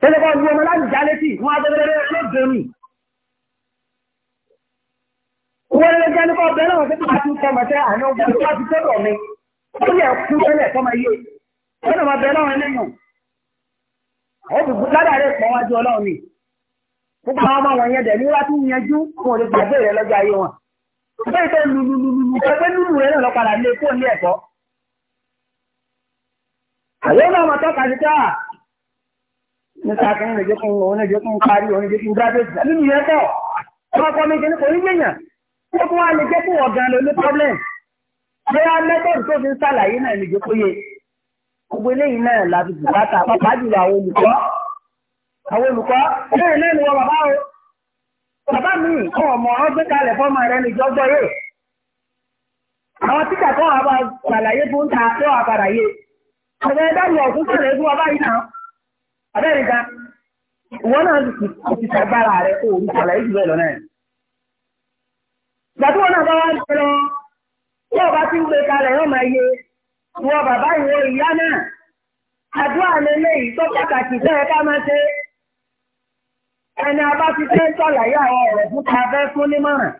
tẹ́lẹ̀kọ́ ní ọmọ láti já létí wọ́n adẹ́rẹ́rẹ́ lọ́gbọ̀n mi wọ́n lè jẹ́ nípa ọbẹ̀ náà tẹ́lẹ̀ láti kọ́ mọ̀tẹ́ àná ọgbọ̀n tó ti tẹ́lọ̀ mi ó yẹ kú tẹ́lẹ̀ kọ́ máa yé wọ́n máa bẹ̀ náà ẹlẹ́yìn ó bùbù ládàárẹ̀ pọ̀ wájú ọlọ́run mi gbogbo àwọn ọmọ wọn yẹn dẹ̀ ní wá tún yanjú kò lè gbàgbé rẹ lọ́jọ́ ayé wọn bẹ́ẹ̀ tó lulululu ẹgbẹ́ lulu rẹ náà lọ́kadà lé fóònù ẹ̀kọ́ àwọn náà mọ̀ tọ́ka sí káà nípa kan ní ìjọkùn òun ìjọkùn parí òun ìjọkùn graduate àbí mi yẹn pọ̀ ọkọ mi kìíní kò ní gbìyàn ó tún wá lè jẹ́ fún ọ̀gá ló ní problem bóyá method tó fi ń ṣàlàyé náà ní ìjọkùn yẹ gbogbo eléyìí náà láti bùkátà pàápàá jùlọ àwọn olùkọ́ àwọn olùkọ́ bẹ́ẹ̀ náà ni wọ́n bàbá o bàbá mi kọ́ ọmọ ọ̀rọ̀ gbé kalẹ̀ fọ́mọ rẹ ní ìjọgbọ́ yẹ àwọn tíṣà kan wà bá fún ta tó àbàrà yẹ ọ̀gá ẹ̀dá ni ọ̀tún ṣàlàyé fún wa báyìí náà abẹ́rẹ́ ga na náà ti ṣàgbára rẹ kó o ṣàlàyé jù bẹ́ẹ̀ lọ náà. ìgbà tí wọn náà ọba ti ń gbé kalẹ̀ yóò máa yẹ ìwọ bàbá ìwọ ìyá náà àdúrà lélẹ̀ yìí tó pàtàkì bẹ́ẹ̀ ká máa ṣe ẹni ti fẹ́ àwọn ọ̀rọ̀ fún ta fẹ́ fún nímọ̀ràn.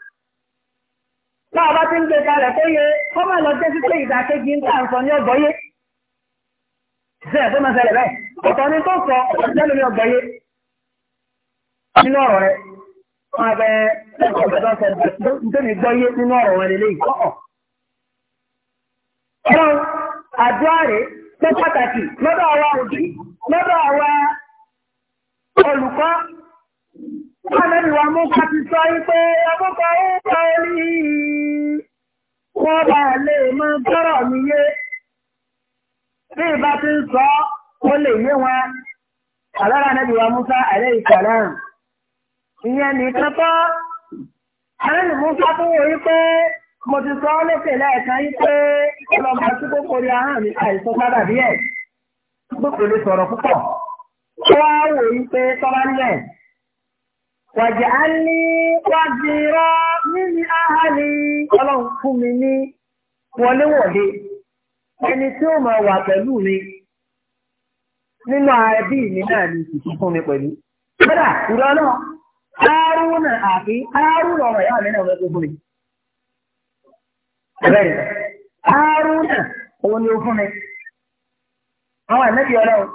bá gbé kalẹ̀ tó yẹ sí pé ṣe ẹ̀fọ́ pàtàkì lọ́dọ̀ àwọn òbí lọ́dọ̀ àwọn olùkọ́ Ọlọ́run wa mú ká ti sọ wípé ọgbọ́kọ̀ ó bá ní wọ́n bá lè mọ gbọ́rọ̀ mi bí ìbá ti ń sọ ó lè yé wọn àlọ́ra nàbí wa Musa alayhi salam ìyẹn nìkan tó àrùn Musa tó wòye pé mo ti sọ ọ́ lókè lẹ́ẹ̀kan yí pé ọlọ́mọ tí kò kórè ahọ́n mi àìsàn sábà bí ẹ̀ kò lè sọ̀rọ̀ púpọ̀ tó wá wòye pé tọ́lá nílẹ̀ wàjẹ́ á ní wájú irọ́ nínú ahálì ọlọ́run fún mi ní wọléwọ̀de. ẹni tí ó máa wà pẹ̀lú mi nínú ẹbí mi náà ni ìsìnkú fún mi pẹ̀lú. Kódà ìrọ̀ náà, Haruna àfi Haruna ìyá mi náà fún mi. Ẹ̀bẹ̀ rẹ̀, Haruna ni ó fún mi. Àwọn ẹ̀mẹ́bí ọlọ́run.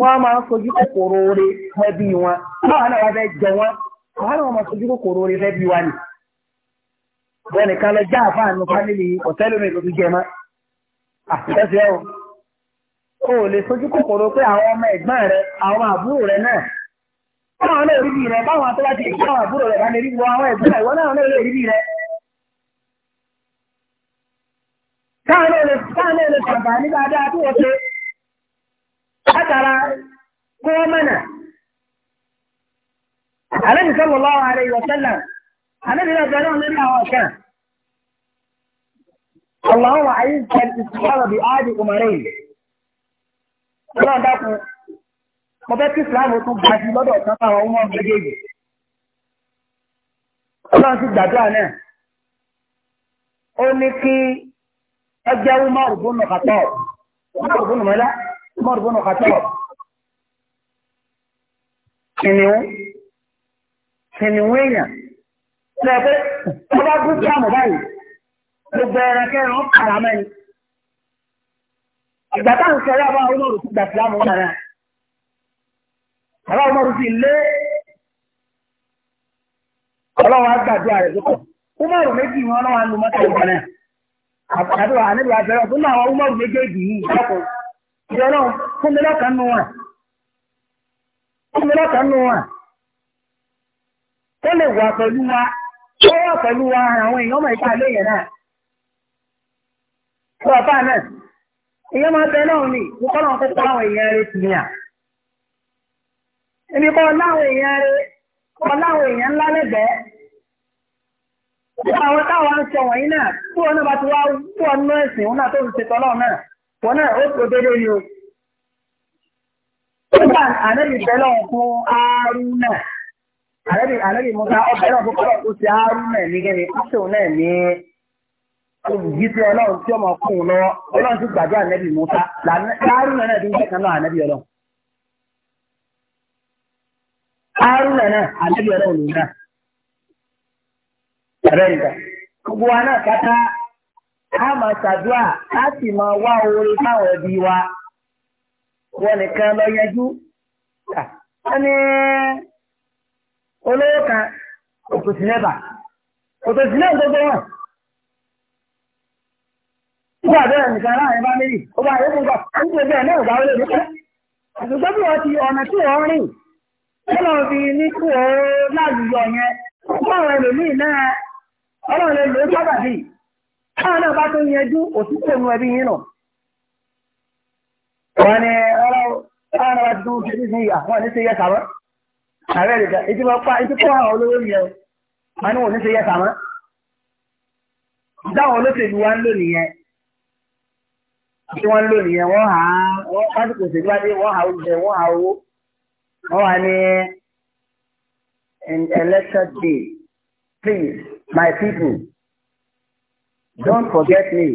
Wọ́n máa ń sojú kòkòrò fẹ́ bí wọn. náà wá fẹ́ jẹ wọn. Àwọn náà máa sojú kòkòrò fẹ́ bí wa nìí. bẹ́ẹ̀ nìkan lọ já àfáà nù fámìlì ọ̀tẹ́lùmí tó ti jẹ mọ́ àtẹ́sí ah, ẹ̀ o ò lè sojú kòkòrò pé àwọn ọmọ ẹ̀gbọ́n rẹ àwọn àbúrò rẹ náà báwọn náà rí bí rẹ báwọn atọ́lá ti kí àwọn àbúrò rẹ bá lè rí wọ àwọn ẹ̀gbọ́n ìwọ náà náà rí bí rẹ. káwọn náà lè sàǹfà wọ́n látara kó wọ́n lọ́wọ́ àrẹ lórí àwọn Ọlọ́run àyín jẹ́ ìsìláàmù bíi áàdì òmàrẹ́yìn. Ọlọ́run dákun, mo fẹ́ kí ìsìláàmù tún ga lọ́dọ̀ ọ̀sán fáwọn ọmọ méjèèjì. Ọlọ́run sì gbàdúrà náà. Ó ní kí ẹgbẹ́ Umaru bùnú kàtọ́. Umaru bùnú mọ́lá, Umaru bùnú kàtọ́. Kìnìún, kìnìún èèyàn. Ṣé ẹ pé ọba gúúsù àmọ̀ báyìí? gbogbo ẹran kẹrin ó kàrà mẹ́ni. ìgbà táwọn sọ̀rọ̀ àbá ọmọrù ti gbà sílámù wọn náà. àbá ọmọrù ti lé ọlọ́wọ́ àgbàdo àrẹ̀ tó ọmọrù méjì wọn náà wà nù mọ́tò ìgbà náà. àbàdo àníbi àbẹ̀rẹ̀ ọ̀tún náà ọmọrù méjèèjì yìí ìṣàkóso. ìjọ náà fún mi lọ́kàn nù wọn. fún mi lọ́kàn nù wọn ó lè wà pẹ̀lú wa ó wà pẹ̀lú wa àwọn èèyàn mọ̀ yẹn náà Sọ ọ̀fà náà, èèyàn máa bẹ náà ni, mo kọ́ láwọn èèyàn rẹ̀ tì ní à. Èmi láwọn èèyàn rẹ̀, kọ́ láwọn èèyàn ńlá lẹ́gbẹ̀ẹ́. Nípa àwọn táwọn ń sọ wọ̀nyí náà, tí wọn náà bá ti wá wú ọ̀nà ẹ̀sìn wọn náà tó ti ṣètò ọlọ́run náà, wọn náà ó tó dédé ni o. Nígbà ànábì bẹ́ẹ̀ lọ́wọ́ fún aarú náà, ànábì Musa ọbẹ̀ náà fún kọ́lọ̀ olùyíṣẹ́ ọlọ́run tí ọmọ kún un lọ́wọ́ ọlọ́run ti gbàgbé ànẹ́bì Musa láàrúnà náà ti ń náà ànẹ́bì ọlọ́run. náà ànẹ́bì ọlọ́run náà. ọ̀rẹ́ ìgbà gbogbo wa náà kátá a máa ṣàdúrà máa wá oore fáwọn ẹbí wa wọn nìkan lọ yẹjú. wọ́n ní olówó kan Nígbà bụ nìkan láàrin bá méjì, ó bá yóò gbọ́, ó ń pè bẹ́ẹ̀ náà bá wọlé bí wọ́n ti ọ̀nà tí wọ́n rìn, fi fún àwọn ẹlòmíì náà, ọlọ́run lè lò ó Káwọn náà bá tó yẹjú òtítọ́ ẹbí yín Wọ́n ní ọlọ́run bá ti ètí àwọn olówó yẹn, ní wọ́n ní ṣe olóṣèlú wa ń lò nìyẹn. tí wọ́n lò nìyẹn wọ́n hà á wọ́n pásítọ̀ òṣèlú adé wọ́n hà oúnjẹ wọ́n hà owó wọ́n wà ní election day please my people don't forget me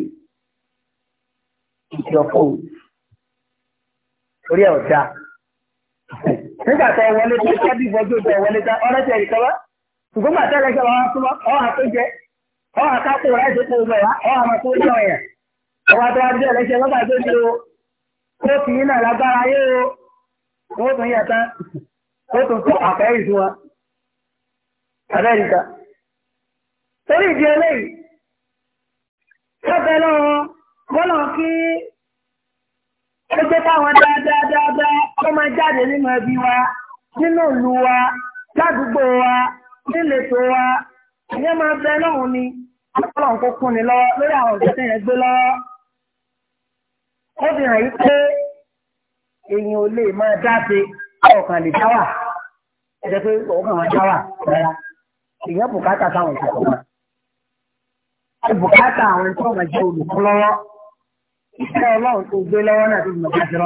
it's your fault orí ẹ̀ ọ̀dà nígbà tó wọlé tó sábì ìfọ́jú tó wọlé tá ọ̀rẹ́ tẹ̀ ẹ̀rí kọ́wá ṣùgbọ́n màtẹ́lẹ́sẹ̀ wọn á súnmọ́ ọ̀hà tó jẹ ọ̀hà ká kó ráìsì kó o mẹ́wàá ọ̀hà máa tó jẹ ọ̀yàn ọba tó wá jẹ́ ẹlẹ́ṣẹ́ lọ́gbà tó ní o ó fi iná lágbára yé o ó tún yẹ tán ó tún tó àfẹ́rì fún wa amẹ́ríkà torí ìdí eléyìí lọ́bẹ̀ lọ́wọ́ bọ́lọ̀ kí ó jẹ́ káwọn dáadáadáa ó máa jáde nínú ẹbí wa nínú ìlú wa ládùúgbò wa níletò wa ìyẹn máa bẹ lọ́hùn ni ọlọ́run ó fi hàn yí pé èèyàn ò lè máa dáṣe ọkàn lè dá ẹ jẹ́ pé ọkàn máa dá rárá èèyàn bùkátà táwọn ìṣẹ̀kọ̀ máa ẹ bùkátà àwọn tí máa jẹ́ olùkọ́ lọ́wọ́ iṣẹ́ ọlọ́run tó gbé lọ́wọ́ bẹ̀rẹ̀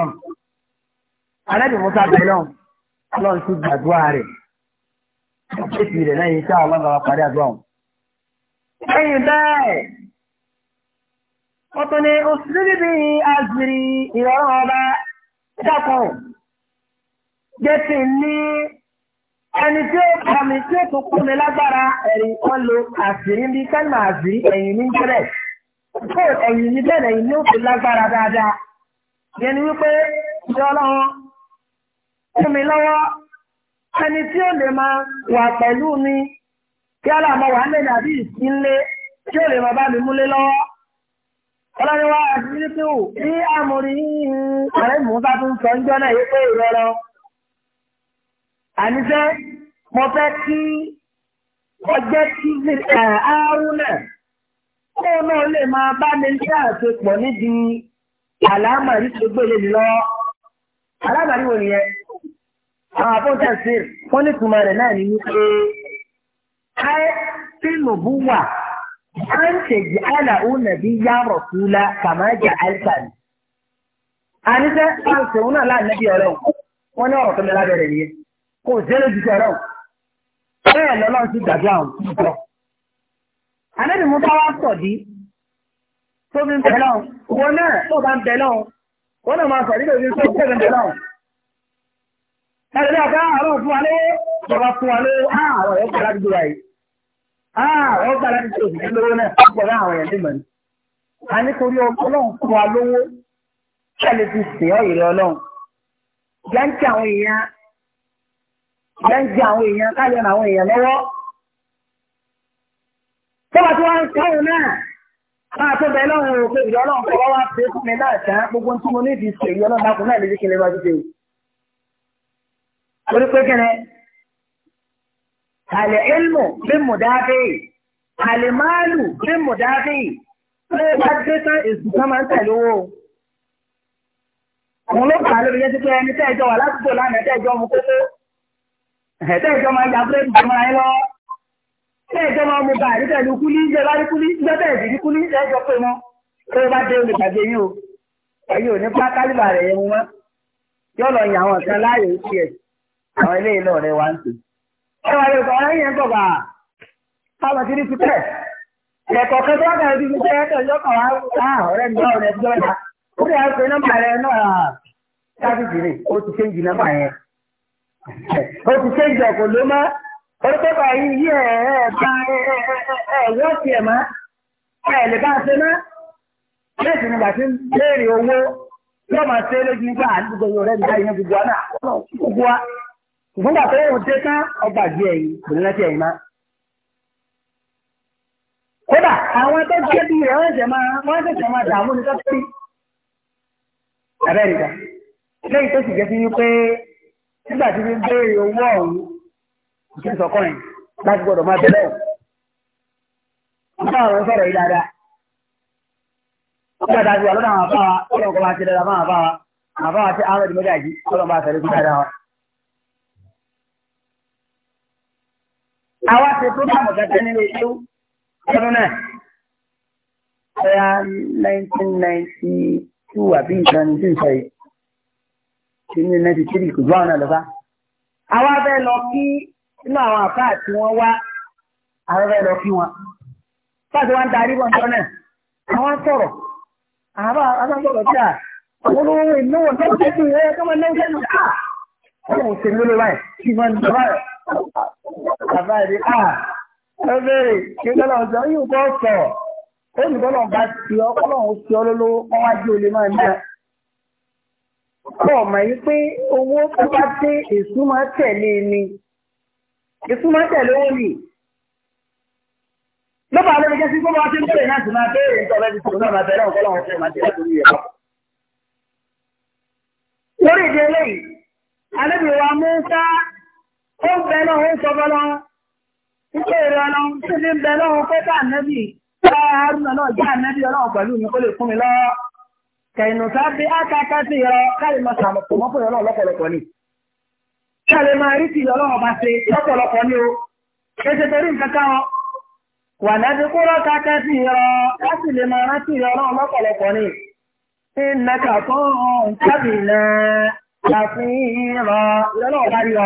ọlọ́run gbàdúrà rẹ̀ ó rẹ̀ lẹ́yìn iṣẹ́ ọlọ́run parí àdúrà wọn. lẹ́yìn ọ̀tọ̀ ni òṣìṣẹ́ bí àgbèrè ìrọ̀rùn ọba dákun jẹ́ kí n ní ẹni tí ó kọ́ mi tí ó tún kún mi lágbára ẹ̀rìn kan lo àṣírí bí kánà àṣírí ẹ̀yìn ní jẹ́rẹ̀ kó ẹ̀yìn ní bẹ̀rẹ̀ ẹ̀yìn ní ó fi lágbára dáadáa yẹn ni wípé ìjọ ọlọ́run kún mi lọ́wọ́ ẹni tí ó lè máa wà pẹ̀lú mi kí aláàmọ̀ wà lẹ́nu àbí ìsínlé tí ó lè máa bá mi múlé lọ́wọ́ ọlọ́niwá àdíníkìwò ní àmúrí ààrẹ mùsá tún sọ ń jọ́nà yìí pé ìrọ̀rọ̀ àníṣẹ́ mo fẹ́ kí ọjọ́ tí àárúnà kó náà lè máa bá mi ní àṣepọ̀ nídìí àlámàrí tó gbélé mi lọ àlámàrí wò nìyẹn àwọn àbójà sí fún ìtumọ̀ rẹ̀ náà ní wípé káyé fíìmù bú wà an taj'alahu nabiyyan rasula kama ja'altani. a ní sẹ́ àwọn sèwọ́n náà láàrin nàbí ọ̀rẹ́ o wọ́n ní ọ̀rọ̀ tó mi lábẹ́rẹ̀ yìí kò jẹ́ lójú ọ̀rẹ́ o bẹ́ẹ̀ lọ́lọ́run ti dàbí àwọn ìjọ. àlejò mú bá wá sọ̀ dí tó fi ń bẹ̀ lọ́hùn wọn náà tó bá ń bẹ̀ lọ́hùn wọn náà máa sọ̀ nílò ìlú tó tẹ̀lé ń bẹ̀ lọ́hùn. ẹ̀rọ ní ọ̀gá àárọ̀ fún wa lówó ìjọba wọ́n gbà láti ṣe òṣìṣẹ́ lówó náà pọ̀lá àwọn èèyàn lèmọ̀ ni. a nítorí ọlọ́run fún wa lówó ṣẹlẹ̀ ti sìn ọ́ ìrẹ́ ọlọ́run. yáǹkì àwọn èèyàn yáǹkì àwọn èèyàn káyọ̀ àwọn èèyàn lọ́wọ́. tí wọ́n ń náà máa tó bẹ lọ́run pé ìrẹ́ ọlọ́run wá fún mi náà tán gbogbo tí mo ní ìdí ìrẹ́ àlẹ́ẹ̀lmù bí mùdáfẹ́ àlẹ́máàlù bí mùdáfẹ́ ṣé bá dé tán èsì kan máa ń tẹ̀lé owó. òun ló kà á lórí yẹn ti pé ẹni tẹ́ẹ̀jọ wà lásìkò lánàá tẹ́ẹ̀jọ mu kókó tẹ́ẹ̀jọ máa ń ya búrẹ́dì tó máa lọ tẹ́ẹ̀jọ máa mu gàrí pẹ̀lú kúlí ṣe bá rí kúlí ṣe tẹ́ẹ̀jì rí kúlí tẹ́ẹ̀jọ pé wọn ṣé bá dé olùgbàgbé yín o ẹ̀yin ò ní pa kálíbà rẹ̀ yẹn mu wọn yóò lọ yàn kan láàyè ó tiẹ̀ àwọn eléyìí lọ́ọ̀rẹ́ wa ń tè. ẹwà rẹ̀ kọ̀ ọ̀rẹ́ yẹn gbọ̀gbà ti rí ẹ̀kọ́ kan tó wà kàn ẹ̀kọ́ yọ wá ọ̀rẹ́ mi náà ọ̀rẹ́ ó náà ó ti ṣéǹjì yẹn. ó ti ṣéǹjì ló yí ẹ̀ ẹ̀ bá ẹ̀ wọ́n ti ẹ̀ ẹ̀ lè bá a ṣe yóò máa ṣe é lójú nígbà àdúgbò yóò rẹ́ ṣùgbọ́n bàtà yóò dé tán ọgbà gbé ẹ̀yìn kò ní rántí ẹ̀yìn má. kódà àwọn tó jẹ́ bí rẹ̀ wọ́n ṣẹ̀ máa wọ́n ṣẹ̀ṣẹ̀ máa dààmú ní sọ́kúrì. abẹ́rẹ́ ìgbà lẹ́yìn tó sì jẹ́ sí wípé nígbà tí wọ́n béèrè owó ọ̀hún kò sí sọ́kọ́ yẹn láti gbọ́dọ̀ máa bẹ̀rẹ̀ ọ̀hún. àwọn sọ̀rọ̀ yìí dáadáa. wọ́n dàda sí wa lọ́dọ̀ àwọn àfáà ọlọ́run kọ́ àwa ṣe programu kankan nínú iṣu ọdún náà ẹ̀yà 1992 àbí nǹkan ní sísọ yìí ṣe ní 93 kò gbọ́ àwọn àlọ́fà. àwa fẹ́ lọ kí inú àwọn àfáà tí wọ́n wá àwọn fẹ́ lọ kí wọn. fáṣọ wa ń darí bọ̀ nǹkan náà àwọn sọ̀rọ̀ àwọn àwọn sọ̀rọ̀ sí à àwọn olówó ìnáwó náà ṣe é ṣe ìwé ẹ̀kọ́ máa náwó sẹ́nu ká. ọ̀rọ̀ òṣèlú ló wáyé kí wọ́n ń dọ̀bá rẹ̀. Bàbá ìdí à ẹ bèrè kí lọ́lọ́ ọjọ́ yóò bọ́ sọ̀. Ó ní bọ́lọ̀ bá ti ọ, ọlọ́run ti ọ lólówó, wọ́n wá jí olè máa ń dá. Pọ̀ mọ̀ yí pé owó tó bá dé èsú máa tẹ̀lé e ni. Èsú máa tẹ̀lé owó nì. Lọ́pàá ló fi jẹ́ sí ti ń bèrè náà sì máa bèrè ìjọba ẹni tó náà bẹ̀rẹ̀ ọ̀gá fún ìmọ̀ àti ìlàkùnrin Lórí ìdí eléyìí, alẹ́ mú sáà ó ń bẹ lọ́wọ́ ó sọ bọ́ lọ́wọ́ nígbà èrè ọlọ́run tí ní bẹ lọ́wọ́ pé ká ànábì bá arúnà náà jẹ́ ànábì ọlọ́run pẹ̀lú mi kó lè fún mi lọ́wọ́ kẹ̀yìn sáfì ákáká sí ìrọ káyì máa sàmùkù mọ́ fún ọlọ́run lọ́pọ̀lọpọ̀ ni káyì máa rí sí ọlọ́run bá ṣe lọ́pọ̀lọpọ̀ ni o kéṣe torí nǹkan kan wà láti kúrò káká sí ìrọ láti lè máa rántí ọlọ́run lọ́pọ̀lọpọ̀ ni ìnàkà tó ń tábìlà àfihàn rí wa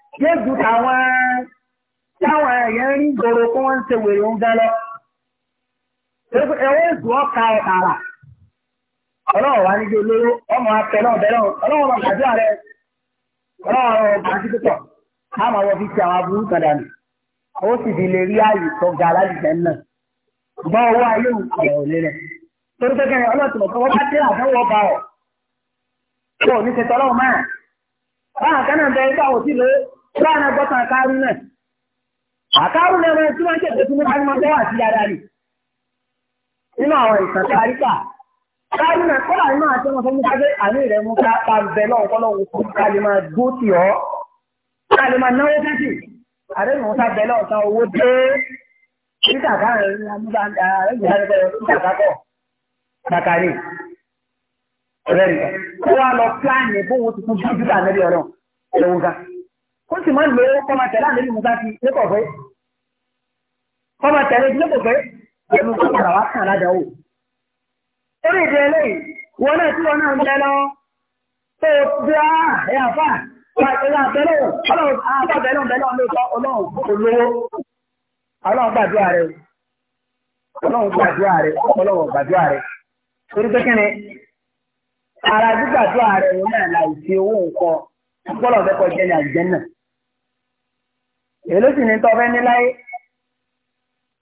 Jésù táwọn táwọn èèyàn ń gbòòrò kó wọ́n ń ṣe wèrè ń lọ. Ẹ̀wọ́n èso ọ̀ka ọ̀tàrà. Ọlọ́run wá níbi olóró, ọmọ náà bẹ̀rẹ̀ ọlọ́run ọmọ àdúrà rẹ̀. Ọlọ́run ọmọ àti pípọ̀. Ká máa wọ fi ṣe àwọn aburú kan dànù. Ó sì fi lè rí ààyè ayé rẹ̀. Torí pé bá dé ọ̀. ṣe Kúránà gbọ́tàn àkárún náà. Àkárún náà wọ́n tí wọ́n ń ṣètò tí wọ́n bá ń mọ bẹ́wà sí dáadáa ni. Nínú àwọn ìtàn tó àríkà. Kárún náà kọ́lá nínú àti ọmọ fún Musa pé àní rẹ̀ mú ká pa bẹ̀ lọ́wọ́ kọ́ lọ́wọ́ kó ká lè máa gbó tì ọ́. Ká lè máa náwó tẹ́sì. Àdéhùn Musa bẹ̀ lọ́wọ́ san owó dé. Títà káàrin ní Amúdá àrẹ́gbẹ̀rẹ̀ Ọ̀rẹ́ rẹ̀, ó wá lọ pílánì bóun ti fún Júpítà níbi ọ̀rọ̀ òun gan kó sì máa lo kọ́mà tẹ̀lé àlẹ́ ìlú bá ti lẹ́kọ̀ọ́ fẹ́ kọ́mà tẹ̀lé lẹ́kọ̀ọ́ fẹ́ ẹnu tó padà wá kàn ládàá o. torí ìdí eléyìí wọn náà tí wọn náà ń bẹ lọ tó o bí a ẹ àfà ìlà àbẹ̀lẹ̀ ọlọ́run àbẹ̀lẹ̀ ọ̀bẹ̀lẹ̀ ọ̀lọ́tọ̀ ọlọ́run olówó ọlọ́run gbàdúrà rẹ ọlọ́run gbàdúrà rẹ ọlọ́run gbàdúrà rẹ torí pé kí ni ara gbígbàdúrà rẹ òun náà láì fi owó nǹkan ọpọlọ ọ̀fẹ́ kọjá ní àjẹ́ náà èló sì ní tọ́fẹ́ ní láyé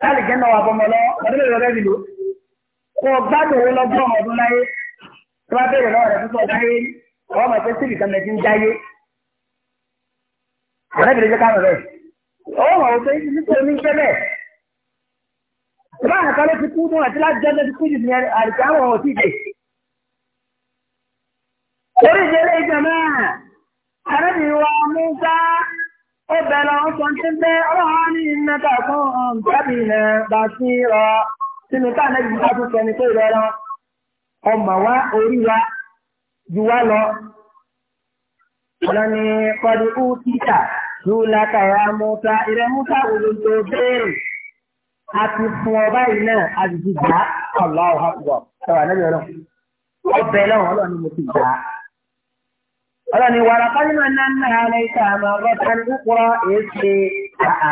láti gẹ́nà wà bọ́mọ lọ ọdún lè rẹ́ bìlú kó o gbádùn owó lọ́gbọ́n ọdún láyé tó bá bẹ̀rẹ̀ lọ́wọ́ rẹ̀ tó sọ láyé ọwọ́ mọ̀ pé síbì kan mẹ́tí ń jáyé ọ̀rẹ́bìnrin jẹ́ káàmù rẹ̀ ló ti kú mú àti láti jẹ́ ti kú ní àrìkà àwọn òtí ìdè orí ìdílé ìjọba àrẹ́bìnrin wa mú sáà ó bẹ̀rẹ̀ wọn sọ tí ń pẹ́ ọlọ́run ní mẹ́ta fún ọ̀nbẹ́bì um, ilẹ̀ bá sí rọ sínú táàlẹ́bì bá tún sọ ní pé ìrọ̀rọ̀ ọmọ wa orí wa ju wá lọ ọlọ́ni kọ́dí ó títà lóòlákà ya mọ́ta ìrẹ́ mọ́ta òdo tó béèrè a fún ọ báyìí náà a ti ọ̀la ọ̀hà pọ̀ ọ̀la ọ̀nẹ́bì ọbẹ̀ náà ọlọ́run mo ti gbà á ọlọ́ni wàrà kọ́nìmọ̀ náà ń náà lè ta àmọ́ ọgọ́ta ní kúkúrọ́ èéṣe àá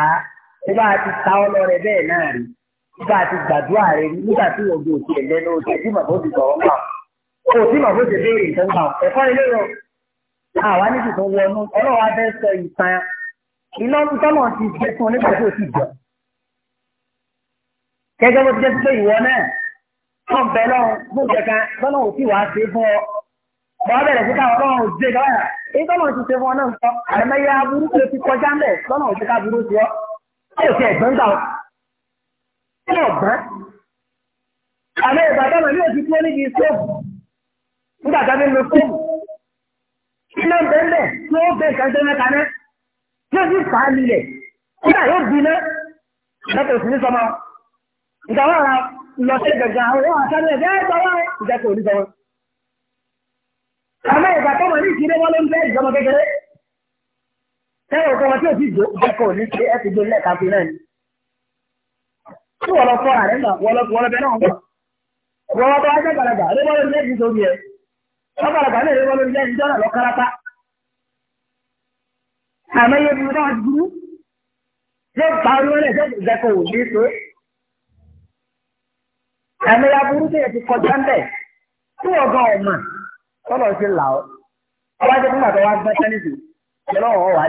nígbà tí ta ọlọ rẹ bẹ́ẹ̀ náà rí nígbà tí gbàdúrà rẹ nígbà tí ògbó òsì ẹ̀ lẹ́nu oṣù tí màbó ti sọ̀rọ̀ pa ò tí màbó ti béèrè nǹkan pa ẹ̀kọ́ ilé rẹ̀ àwa níbi tó wọnú ọlọ́wà fẹ́ sọ ìtàn iná tọ́mọ̀ ti jẹ́ fún nígbà tí ti jọ. gẹ́gẹ́ bó ti jẹ́ pé ìwọ náà tọ́ wọ́n bẹ̀rẹ̀ sí káwọn ọlọ́run òjì ẹ̀ka báyà èyí tó náà ti ṣe fún ọ náà sọ àìmọye aburú tó ti kọjá mẹ́ lọ́nà òjì ká burú sí ọ yóò fi ẹ̀gbọ́n gbà wọn. kí ni ọ̀gbọ́n? àmọ́ ìbàdàn mi yóò ti dúró níbi sóòfù nígbà tá a fi ń lo sóòfù. kí ló ń bẹ́ ńbẹ̀ tí ó bẹ ìkànṣẹ́ mẹ́ta náà O sì fà á lulẹ̀ nígbà yóò bí iná lọ́tọ̀ òsì ní sọmọ. ìgbà wọn lọ sí gàgà àwọn ọ̀sán ní ẹ̀jẹ̀ Àmọ́ ìgbà tó wọ̀ ní ìdílé wọn ló ń bẹ́ ìjọba kékeré. Tẹ́wọ̀ kọ́ wọn tí ò sì jó ẹ̀kọ́ ní ṣe ẹ̀ ti gbé lẹ́ẹ̀ka fi náà ni. Tí wọ́n lọ fọ́ ààrẹ náà, wọ́n lọ bẹ náà wọ̀. Wọ́n wọ́n bá wájú àgbàlagbà, ló bọ́ lórí lẹ́yìn sóbi ẹ̀. Àgbàlagbà náà ló bọ́ lórí lẹ́yìn jọ́nà lọ kárátá. Àmọ́ iye bí wọ́n ti dúró. bá ti kọjá ń tọ́lọ̀ ṣe là ọ́ ọba jẹ́ fún bàtà wa gbọ́ sẹ́nìtì lè sọ ọmọ ọwọ́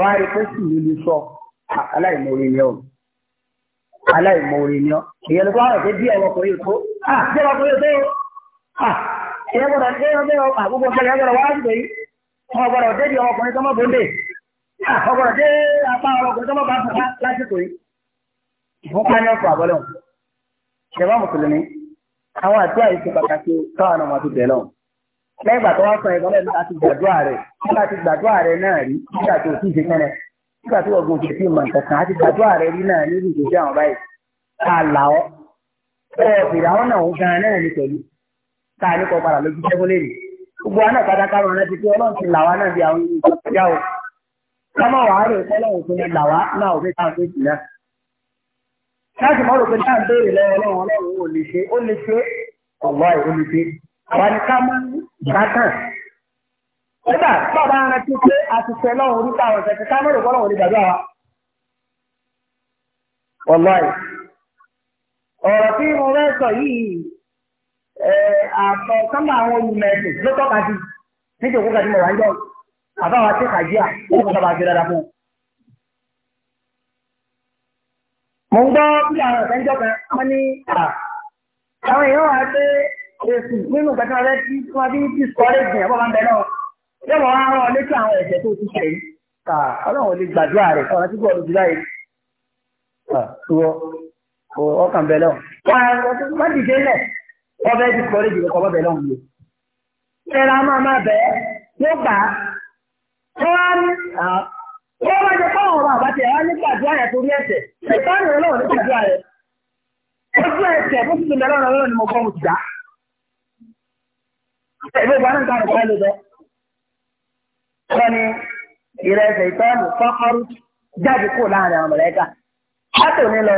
àrí pé sì ní lè sọ aláìmoore ni ọ aláìmoore ni ọ ìyẹn ló bá rẹ̀ pé bí ọmọkùnrin yóò tó à bí ọmọkùnrin yóò tó à ìyẹn gbọ́dọ̀ dé ọmọkùnrin yóò àgbógbó kẹlẹ̀ ẹ gbọ́dọ̀ wá sí èyí ọmọ gbọ́dọ̀ dé di ọmọkùnrin tó mọ́ bóńdè ọmọ gbọ́dọ̀ dé apá ọmọkùnrin tó mọ́ bá àwọn àdúrà yìí ṣe pàtàkì káwọn ọmọ ti bẹ̀ lọ. lẹ́yìn ìgbà tó wá sọ ẹ̀gbọ́n lẹ́nu láti gbàdúrà rẹ̀ nígbà tí gbàdúrà rẹ̀ náà rí nígbà tó ti ṣe kẹ́nẹ̀ nígbà tí ọ̀gbìn òṣèlú ti mọ̀ nǹkan àti gbàdúrà rẹ̀ rí náà ní ìṣèṣẹ́ àwọn báyìí ká là ọ́ bẹ́ẹ̀ fìrà wọn náà gan náà ní pẹ̀lú ká ní kọ padà lójú tẹ́fún lè rí gbogbo wa náà padà káwọn ọ̀nà ti pé ọlọ́run ti là wá náà bí àwọn ìṣèṣẹ́ yà ó ká láti mọ́ rò pé náà béèrè lọ́wọ́ ọlọ́run ọlọ́run ò lè ṣe ó lè ṣe ọ̀wọ́ ẹ̀ ó lè ṣe àwa ni ká mọ́ bàtàn. nígbà bàbá ara ti pé àtúnṣe lọ́run orí táwọn ọ̀sẹ̀ ti ká mọ́ rò pé ọlọ́run ò lè gbàdúrà wa. ọ̀lọ́ ẹ̀ ọ̀rọ̀ tí mo fẹ́ sọ yìí àtọ̀ sọ́mbà àwọn olùmọ̀ ẹ̀sìn ló tọ́ka sí nítorí kó kàdí mọ̀ wáyé àbáwá tí kàjíà ó kọ́ mo ń gbọ́ bí àwọn ìfẹ́jọ́ kan wọ́n ní àwọn èèyàn wà pé èsì nínú kẹta rẹ tí wọ́n bí tí sọ́ọ́rẹ́ ìgbìyàn bọ́ bá ń bẹ náà yóò mọ̀ wọ́n rán létí àwọn ẹ̀jẹ̀ tó ti ṣe kà ọlọ́run lè gbàdúrà rẹ̀ ọ̀rọ̀ tí bọ́ọ̀lù jùlá yìí ṣùgbọ́ ọkàn bẹ wọ́n dìde lẹ̀ wọ́n bẹ́ẹ̀ ti sọ́ọ́rẹ́ ìgbìyàn kọ́ bẹ́ẹ̀ lọ́wọ́ lò ẹ̀rọ máa àti ẹ̀há nígbàdúrà yẹn torí ẹ̀ṣẹ̀ ìtàrí ọlọ́run nígbàdúrà yẹn ojú ẹ̀ṣẹ̀ fún tuntun lọ́rọ̀ ọlọ́run ni mo kọ́ mo ti dá. ìwé ìgbà náà ń kárùn-ún pẹ́lú lọ. wọ́n ní ìrẹsẹ̀ ìtọ́nù fọ́kọ́rú jáde kó láàrin àwọn mọ̀lẹ́kà. látòní lọ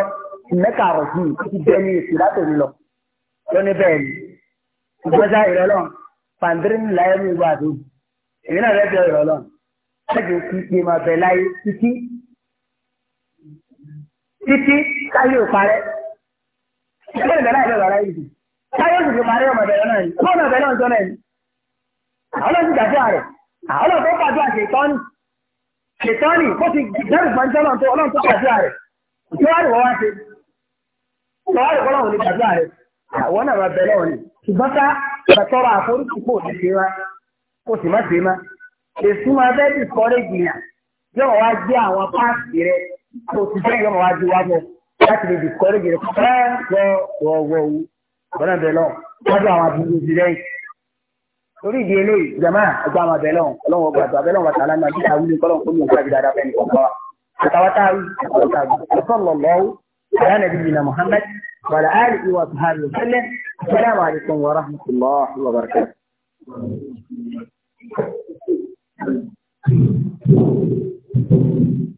mẹ́ta rọ̀ jù ti bẹ́ẹ̀ ní èsì látòní lọ. lóní bẹ́ẹ̀ ni ìgbésà ìrọ̀lọ́ pàǹdírí ńlá ẹ̀mí ìwà àdó ìrìnà rẹ̀ bẹ́ẹ̀ ìrọ̀lọ́ ẹ̀jẹ̀ kí ìmọ̀ bẹ̀ láyé títí títí káyé ò parẹ́. Ìjọba ìbẹ̀rẹ̀ àìbẹ̀rẹ̀ rárá yìí. Káyé òsì ti parẹ́ ọmọ ìbẹ̀rẹ̀ náà yìí. Bọ́ọ̀nù ọ̀bẹ náà ń sọ náà yìí. Àwọn náà ti gbàdúrà rẹ̀. Àwọn náà tó gbàdúrà ṣètọ́nì. Ṣètọ́nì bó ti dẹ́rù gbàǹjọ́ náà tó ọlọ́run tó gbàdúrà rẹ̀. Ìjọba ìwọ wá ṣe. Ìjọba ìwọ náà ní gbàdúrà rẹ̀. Àwọn náà máa bẹ̀rẹ̀ òní. Ṣùgbọ́n ká ìgbàtọ́rọ̀ àforíṣi kò ní ṣe wá. Kò sì má ṣe má. Èsì máa fẹ́ dìkọ́rẹ́jì yàn. Yọ̀wọ̀ wá gbé àwọn páàsì rẹ̀ kó o ti fẹ́ yọmọ wá ju wá bọ̀ láti lè dìkọ́rẹ́ gèrè pẹ́ lọ wọ̀ọ̀wọ̀ òwú ọ̀nà bẹ̀ lọ wájú àwọn àbúrò ti lẹ́yìn. torí ìdí eléyìí jama ẹgbẹ́ àwọn abẹ́lẹ̀ ọlọ́wọ́ gbàdúrà abẹ́lẹ̀ wọn tààlà náà bíi àwùjọ kọ́lọ́ kó mi ò gbàdúrà dáadáa fẹ́ni kọ́kọ́ wa. àtàwátàwí àtàwátàwí على نبينا محمد وعلى آله وصحبه وسلم السلام عليكم ورحمة الله وبركاته Thank you.